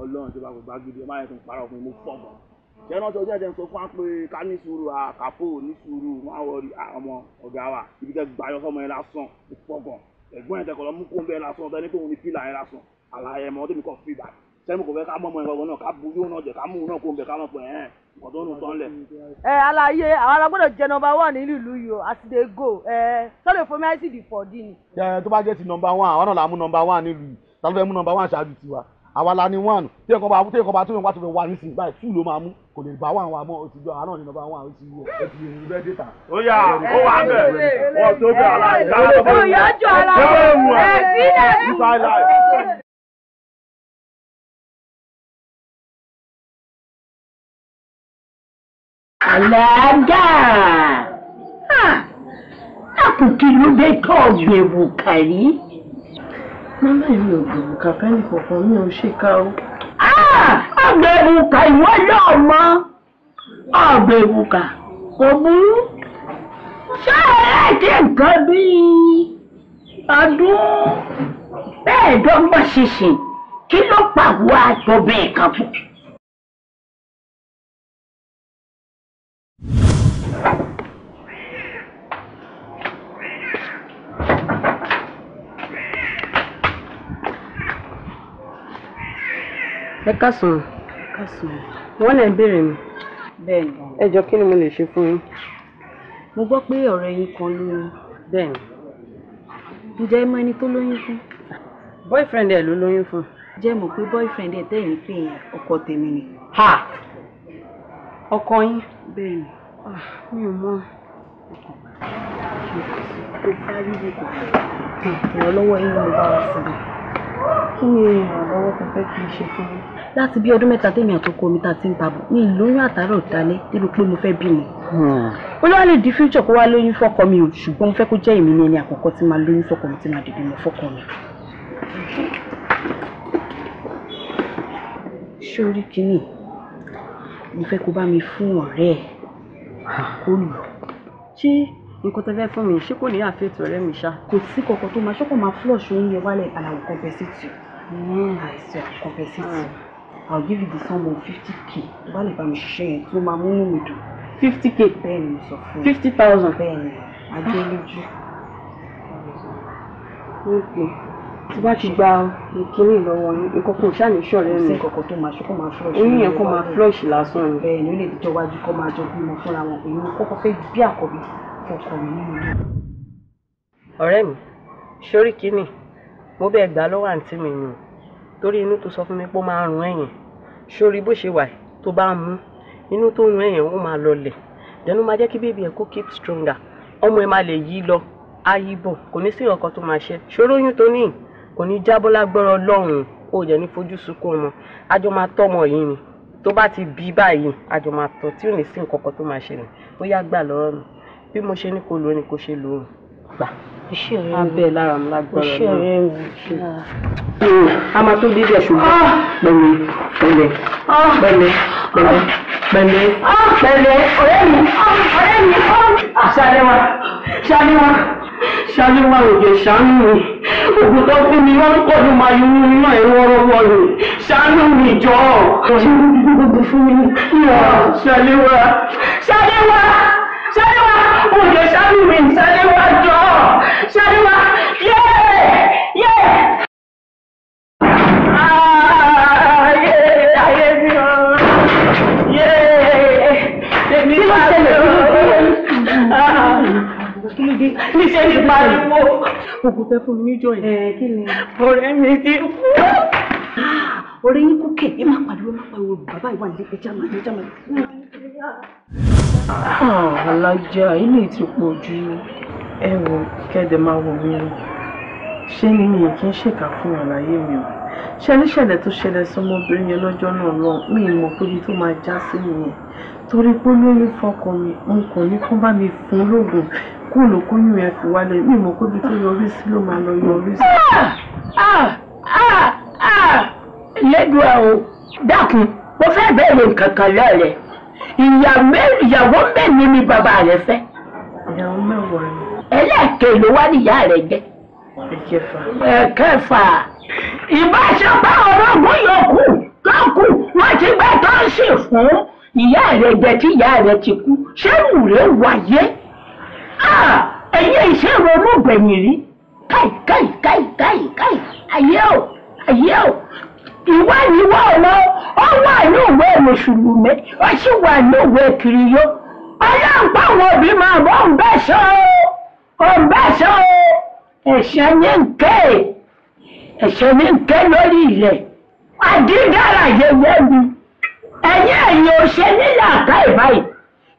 ọlọ́run tó bá gbogbo agídí ẹ má yẹ kó n para ọkùnrin mo fọ́ gan. ṣé rántí ọjọ́ ẹ̀jẹ̀ ń sọ fún wa pé ká ní sùúrù àkàpò ní sùúrù máa wọ ọmọ ọ̀gá wa ibi tẹ́ gbayọ́ sọmọ yẹn lásán mo fọ́ gan. ẹ̀gbọ́n ẹ̀jẹ̀ kọ̀ lọ mú kó ń bẹ́ẹ̀ lásán ọ̀tẹ́ ní pé òun ní fìlà yẹn lásán àlàyé mọ́ tèmi kọ́ fìlà yẹn sẹ́mi kò fẹ́ ká mọ́ ọmọ ìgbàgbọ́ náà ká bu yóò náà jẹ ká mú un náà kó ń bẹ ká mọ̀ pé ẹ̀ nǹkan tó ń tán lẹ̀. ẹ alaye àwọn alágbọ́dọ̀ jẹ nọ́mbà wà nílùú ìlú yìí o àti dey go ẹ sọlẹ fomi àìsí di fọ dín ni. ẹ tó bá jẹ́ ti nọ́mbà wán àwọn náà la mú nọ́mbà wán nílùú yìí ta ló fẹ́ mú nọ́mbà wán ṣáájú tiwa àwa la ní wán tí èkó bá tí èkó bá tó yẹn wá tó fẹ́ wá nísìnyí báyìí tù ló máa mú kò lè bá wàn wà mọ́ o ti jọ àwọn náà ní nọ́mbà wán o ti yẹ o ti yẹ ìbẹ́ dẹ́ta. ó yà ó wà ń bẹ̀ wọ́n tó bẹ̀ aláìsàn. ó yọjú ara ẹ̀ sílẹ̀. Aláàgà àkùkí ló dé tó ọ̀gbẹ̀wò kàrí. Mọ́mọ́ mi ò gbẹ̀wò kà fẹ́ni kankan mi ò ṣe ká o. Ọ̀gbẹ̀wò kà ìwọ náà mọ́. Ọ̀gbẹ̀wò kà kò burú. Ṣé ẹ ti nǹkan bíi ọdún bẹ́ẹ̀ dọ́gbọ́n ṣinṣin kí ló pàwọ́ àtọ̀bẹ̀ kan fún? ẹ kásán wọn lè ń béèrè mi bẹ́ẹ̀ni ẹ jọ kí ni mo lè ṣe fún yín. mo gbọ́ pé ọ̀rẹ́ yín kan lóyún. bẹ́ẹ̀ni. ǹjẹ́ ẹ mọ ẹni tó lóyún fún. boyfriend ẹ ló lóyún fún. jẹ́ mọ̀ pé boyfriend ẹ tẹ̀yìn pé ọkọ tèmi ni. ha ọkọ yín. bẹ́ẹ̀ni ah, mi ò mọ tó parí ibi kò ìrànlọ́wọ́ yín ló bá wa síbi kí ni ìrànlọ́wọ́ tó fẹ́ kí n ṣe fún yín láti bí ọdún mẹ́ta téèyàn tó kọ omi tá a ti ń pabò ní ìlóyún àtàrà òdalẹ́ débi pé mo fẹ́ bímọ. Hmm. ó lọ́wọ́ lè di future kó wá lóyún fọ́kọ mi o ṣùgbọ́n mo fẹ́ kó jẹ́ èmi ní ẹni àkọ́kọ́ tí máa lóyún fọ́kọ mi tí máa dìbò mọ́ fọ́kọ mi. sórí kínní mo fẹ́ kó bá mi fún ọ̀rẹ́ ẹ̀ kó lò. ṣé nǹkan tó fẹ́ fún mi ṣé kò ní àfẹ́tò ọ̀rẹ́ mi ṣá. kò sí kankan tó máa ṣọ́kọ̀ máa flush oúnjẹ wálẹ̀ àlàwọ̀ hmm. kọ̀ọ̀bẹ̀ I'll give you the sum of fifty k bá if I'm mi So my money máa múnú mi fifty k bẹ́ẹ̀ ni mo sọ fún fifty thousand bẹ́ẹ̀ ni adélójú okay tí bá ti gba ìkíní lọ́wọ́ yín nǹkan kò ṣáà ní ṣọ̀rẹ́ mi sí nǹkan tó máa ṣe kó máa flush oyún yẹn kó máa flush lásán ni bẹ́ẹ̀ ni ó lè dijọ́ wájú kó máa jọ bímọ fúnra wọn èyí ń kọ́kọ́ fẹ́ bí àkọ́bí fọkàn mi nínú ilé. ọ̀rẹ́ mi sórí kínní mo bẹ́ẹ̀ gbà lọ́wọ́ àǹtí mi ni torí inú tó sọ fún mi pé ó máa rùn ẹ̀yìn sórí bó ṣe wà tó bá mú inú tó rùn ẹ̀yìn ó máa lọlẹ̀ dẹnu máa jẹ́ kí bébí ẹ̀ kó keep stronger ọmọ ẹ̀ máa lè yí lọ ayíbọ̀ kò ní sí ọkọ tó máa ṣe ṣòro oyún tó ní kò ní jábọ́ lágbọ́rọ̀ ọlọ́run ó jẹ́ ní fojú sunkún ọmọ àjọ máa tọ́mọ yìí ni tó bá ti bí báyìí àjọ máa tọ́ tí ò ní sí nǹkan kan tó máa ṣe nù ó gbà lọ́rọ̀ mi bí mo ṣe ní kó lò ni kó ṣe lò gbà. iṣẹ́ lára mi lágbára mi. a máa tó débẹ̀ ṣùgbọ́n pẹ̀lẹ́ ah. pẹ̀lẹ́ ah. pẹ̀lẹ́ pẹ̀lẹ́ pẹ̀lẹ́ ah. pẹ̀lẹ́ mi ọ̀rẹ́ mi ṣàlẹ́wà ṣàlẹ́wà ṣàlẹ́wà òjò ṣàánú mi ògùn tó fún mi wọ́n kọ́ ló máa yún mi náà ẹ̀rọ ọ̀rọ̀ mi ṣàánú mi jọ. ṣé gbogbo fún òjò ṣàánú mi ṣàlẹ́wà jọ. Ah, níṣẹ́ ní pariwo. Ògùn fẹ́ fún mi níjọ yìí. Ẹ kí ni? Ọ̀rẹ́ mi ti kú. Ah, ọ̀rẹ́ yín kú kẹ̀, ẹ má pariwo, má pariwo, bàbá ìwà ìdí ẹja máa ẹja máa. Ah, alájà, ilé ti pọ̀ jù ẹ wo kẹ́dẹ̀ máa wò mí o ṣé ni mi kì í ṣèkà fún àlàyé mi o ṣẹlẹ́ṣẹlẹ̀ tó ṣẹlẹ̀ sọmọbìnrin yẹn lọ́jọ́ náà lọ mí mọ̀ pé ibi tó máa já sí nìyẹn torí pé lórí fọkàn mi n kò ní kó bá mi fún lóògùn kó lókùnrin yẹn fi wálé mí mọ̀ pé tó yọrí sí ló máa lọ yọrí sí. lẹ́dùá o dákun mo fẹ́ bẹ́ẹ̀ lè kankan lọ rẹ̀ ìyàwó mẹ́rin ni bàbá rẹ̀ fẹ́. ìyàwó mẹ́wàá ni ẹlẹ́ẹ̀kẹ́ ló wá níyà rẹ̀ jẹ́ ẹ̀kẹfà ìbáṣepọ̀ ọlọ́gbọ́n yòókù lọ́kù wọ́n ti gbé tọ́sí fún ìyá rẹ̀ jẹ́ tí ìyá rẹ̀ ti kú ṣé wùrẹ́ wáyé ẹ̀yẹ iṣẹ́ wo ló gbẹ̀yìn rí káì káì káì káì káì ayé o ayé o ìwé ìwé ọ̀nà ó wà ní ìwé mùsùlùmí ó sì wà ní ìwé kiriyó ọlọ́run pàwọn òbí máa bọ́ ń bẹ́ sọ́ọ́ ọbaṣọ ẹ̀ṣẹ̀ ní nkẹ́ ẹ̀ṣẹ̀ ní nkẹ́ lórí ilẹ̀ àdídára yẹwọ́ mi ẹ̀yìn ẹ̀yìn òṣè nílà ká ìbáyìí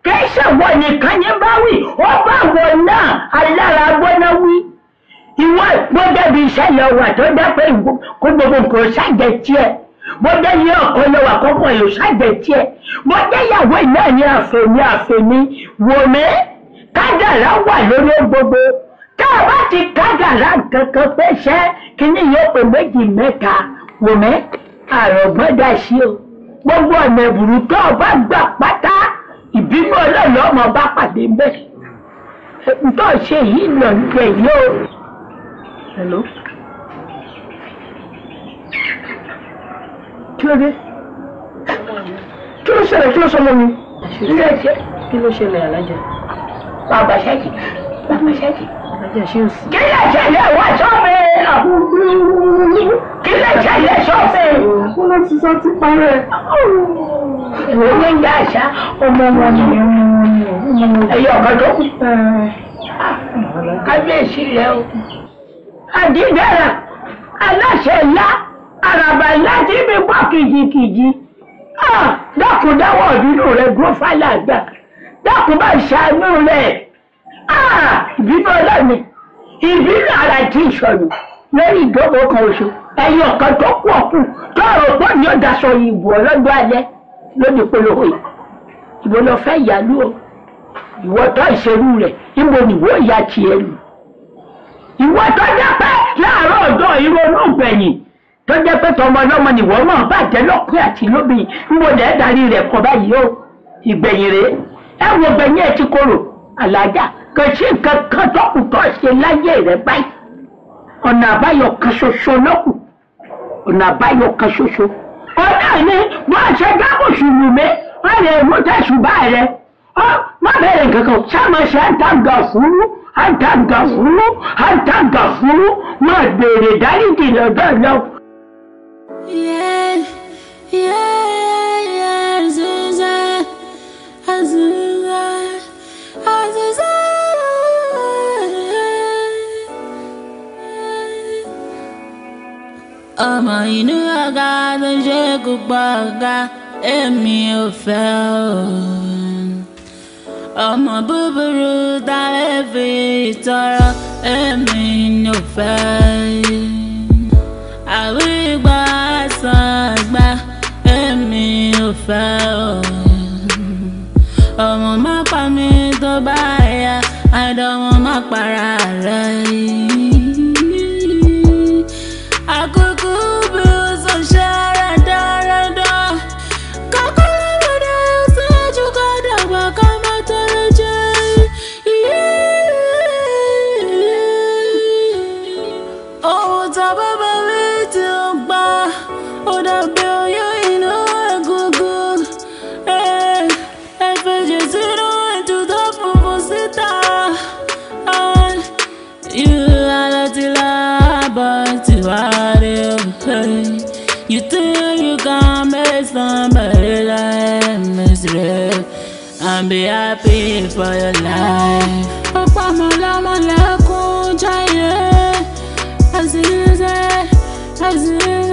kìí ṣèwọ nìkan ní bá wí ó bá wọ náà alára gbóná wí ìwọ ìpọ́ndẹ́bi ìṣẹ̀lẹ̀ wà tó dá pé kó gbogbo nǹkan ṣàjẹ́ tiẹ̀ bọ́dẹ́ ní ọ̀kan lọ́wọ́ àkọ́kọ́ ìlú ṣàjẹ́ tiẹ̀ bọ́dẹ́ ìyàwó ìlú ẹ̀ ní àfẹ́ ní àfẹ́ ní wòmí kádàrá wà lórí gbogbo tá a bá ti kádàrá kankan fẹ́ ṣẹ́ kíní yóò pé méjì mẹ́ta wòmẹ́ àrògbọ́n dá sí o gbogbo ọ̀nà ìbùrù tó o bá gbà pátá ìbínú ọlọ́ọ̀lọ́ ọmọ bá pàdé mbẹ́ tó o yìí lọ nígbà yìí o. Hello? kí ló dé kí ló ṣẹlẹ̀ kí ló sọ mọ́ mi. kí ló ṣẹlẹ̀ alájà bàbá ṣẹ́kì bàbá ṣẹ́kì. kí lè tẹ̀lé wá sọ́ọ̀bẹ̀ kí lè tẹ̀lé sọ́ọ̀bẹ̀. wọ́n lọ sí sọ ti parẹ́. ìwé ní ìyá àṣà ọmọ wọn ni ẹyọ ọ̀gá tó kù. kábíyèsí rẹ o àdìgbẹ́ra aláṣẹ ńlá àràbà ńlá tí mi gbọ́ kìjìkìjì dákúndáwọ̀ nínú rẹ̀ gbọ́ fáyà gbà dákun bá ṣàánú rẹ̀ ah, ìbínú ọlọ́ni ìbínú ara ti ìṣòro lórí ìdókòó kan oṣù ẹ̀yìn ọ̀kan tó kú ọ̀kú tó ọ̀rọ̀ pọ̀ ní ọ̀dàṣọ ìbò ọlọ́dún alẹ́ lóde polówó yìí ìwọ lọ fẹ́ ìyálú o ìwọ tó ìṣerú rẹ̀ níbo nìwọ ìyá tiẹ̀ lù ìwọ tó jẹ́ pé láàárọ̀ ọ̀dọ́ ìrònú gbẹ̀yìn tó jẹ́ pé tọmọ ọlọ́mọ nìwọ mọ̀ bàjẹ́ lọ́kùnrin àti lóbìnrin níbo lẹ́ẹ̀ darí rẹ̀ kọ báyìí o ìgbẹ̀yìn rèé ẹ wo gbẹ̀yìn ẹ̀ ti korò àlàájá kò sí nǹkan kan tó kù tó ṣe láyé rẹ báyìí ọ̀nà àbáyọ kan ṣoṣo lọ́kù ọ̀nà àbáyọ kan ṣoṣo ọ̀nà ni wọ́n ṣe dábò sùnmùmí wọ́n lè mú tẹ̀sùbá rẹ má bẹ̀rẹ̀ nǹkan kan sáàmù ṣe àǹtàǹgà fúrú àǹtàǹgà fúrú àǹtàǹgà fúrú máa béèrè dárídì lọ́dọ̀ lọ. Yeah, yeah. ọmọ inú ọ̀gá ló ń ṣe gbogbo ọ̀gá èmi ò fẹ́ o. ọmọ búburú dáre fi tọrọ èmi ò fẹ́. àwígbà àìsàn àgbà èmi ò fẹ́ o. be happy for your life. Papa mwanamwana kuja ye, azize, azize.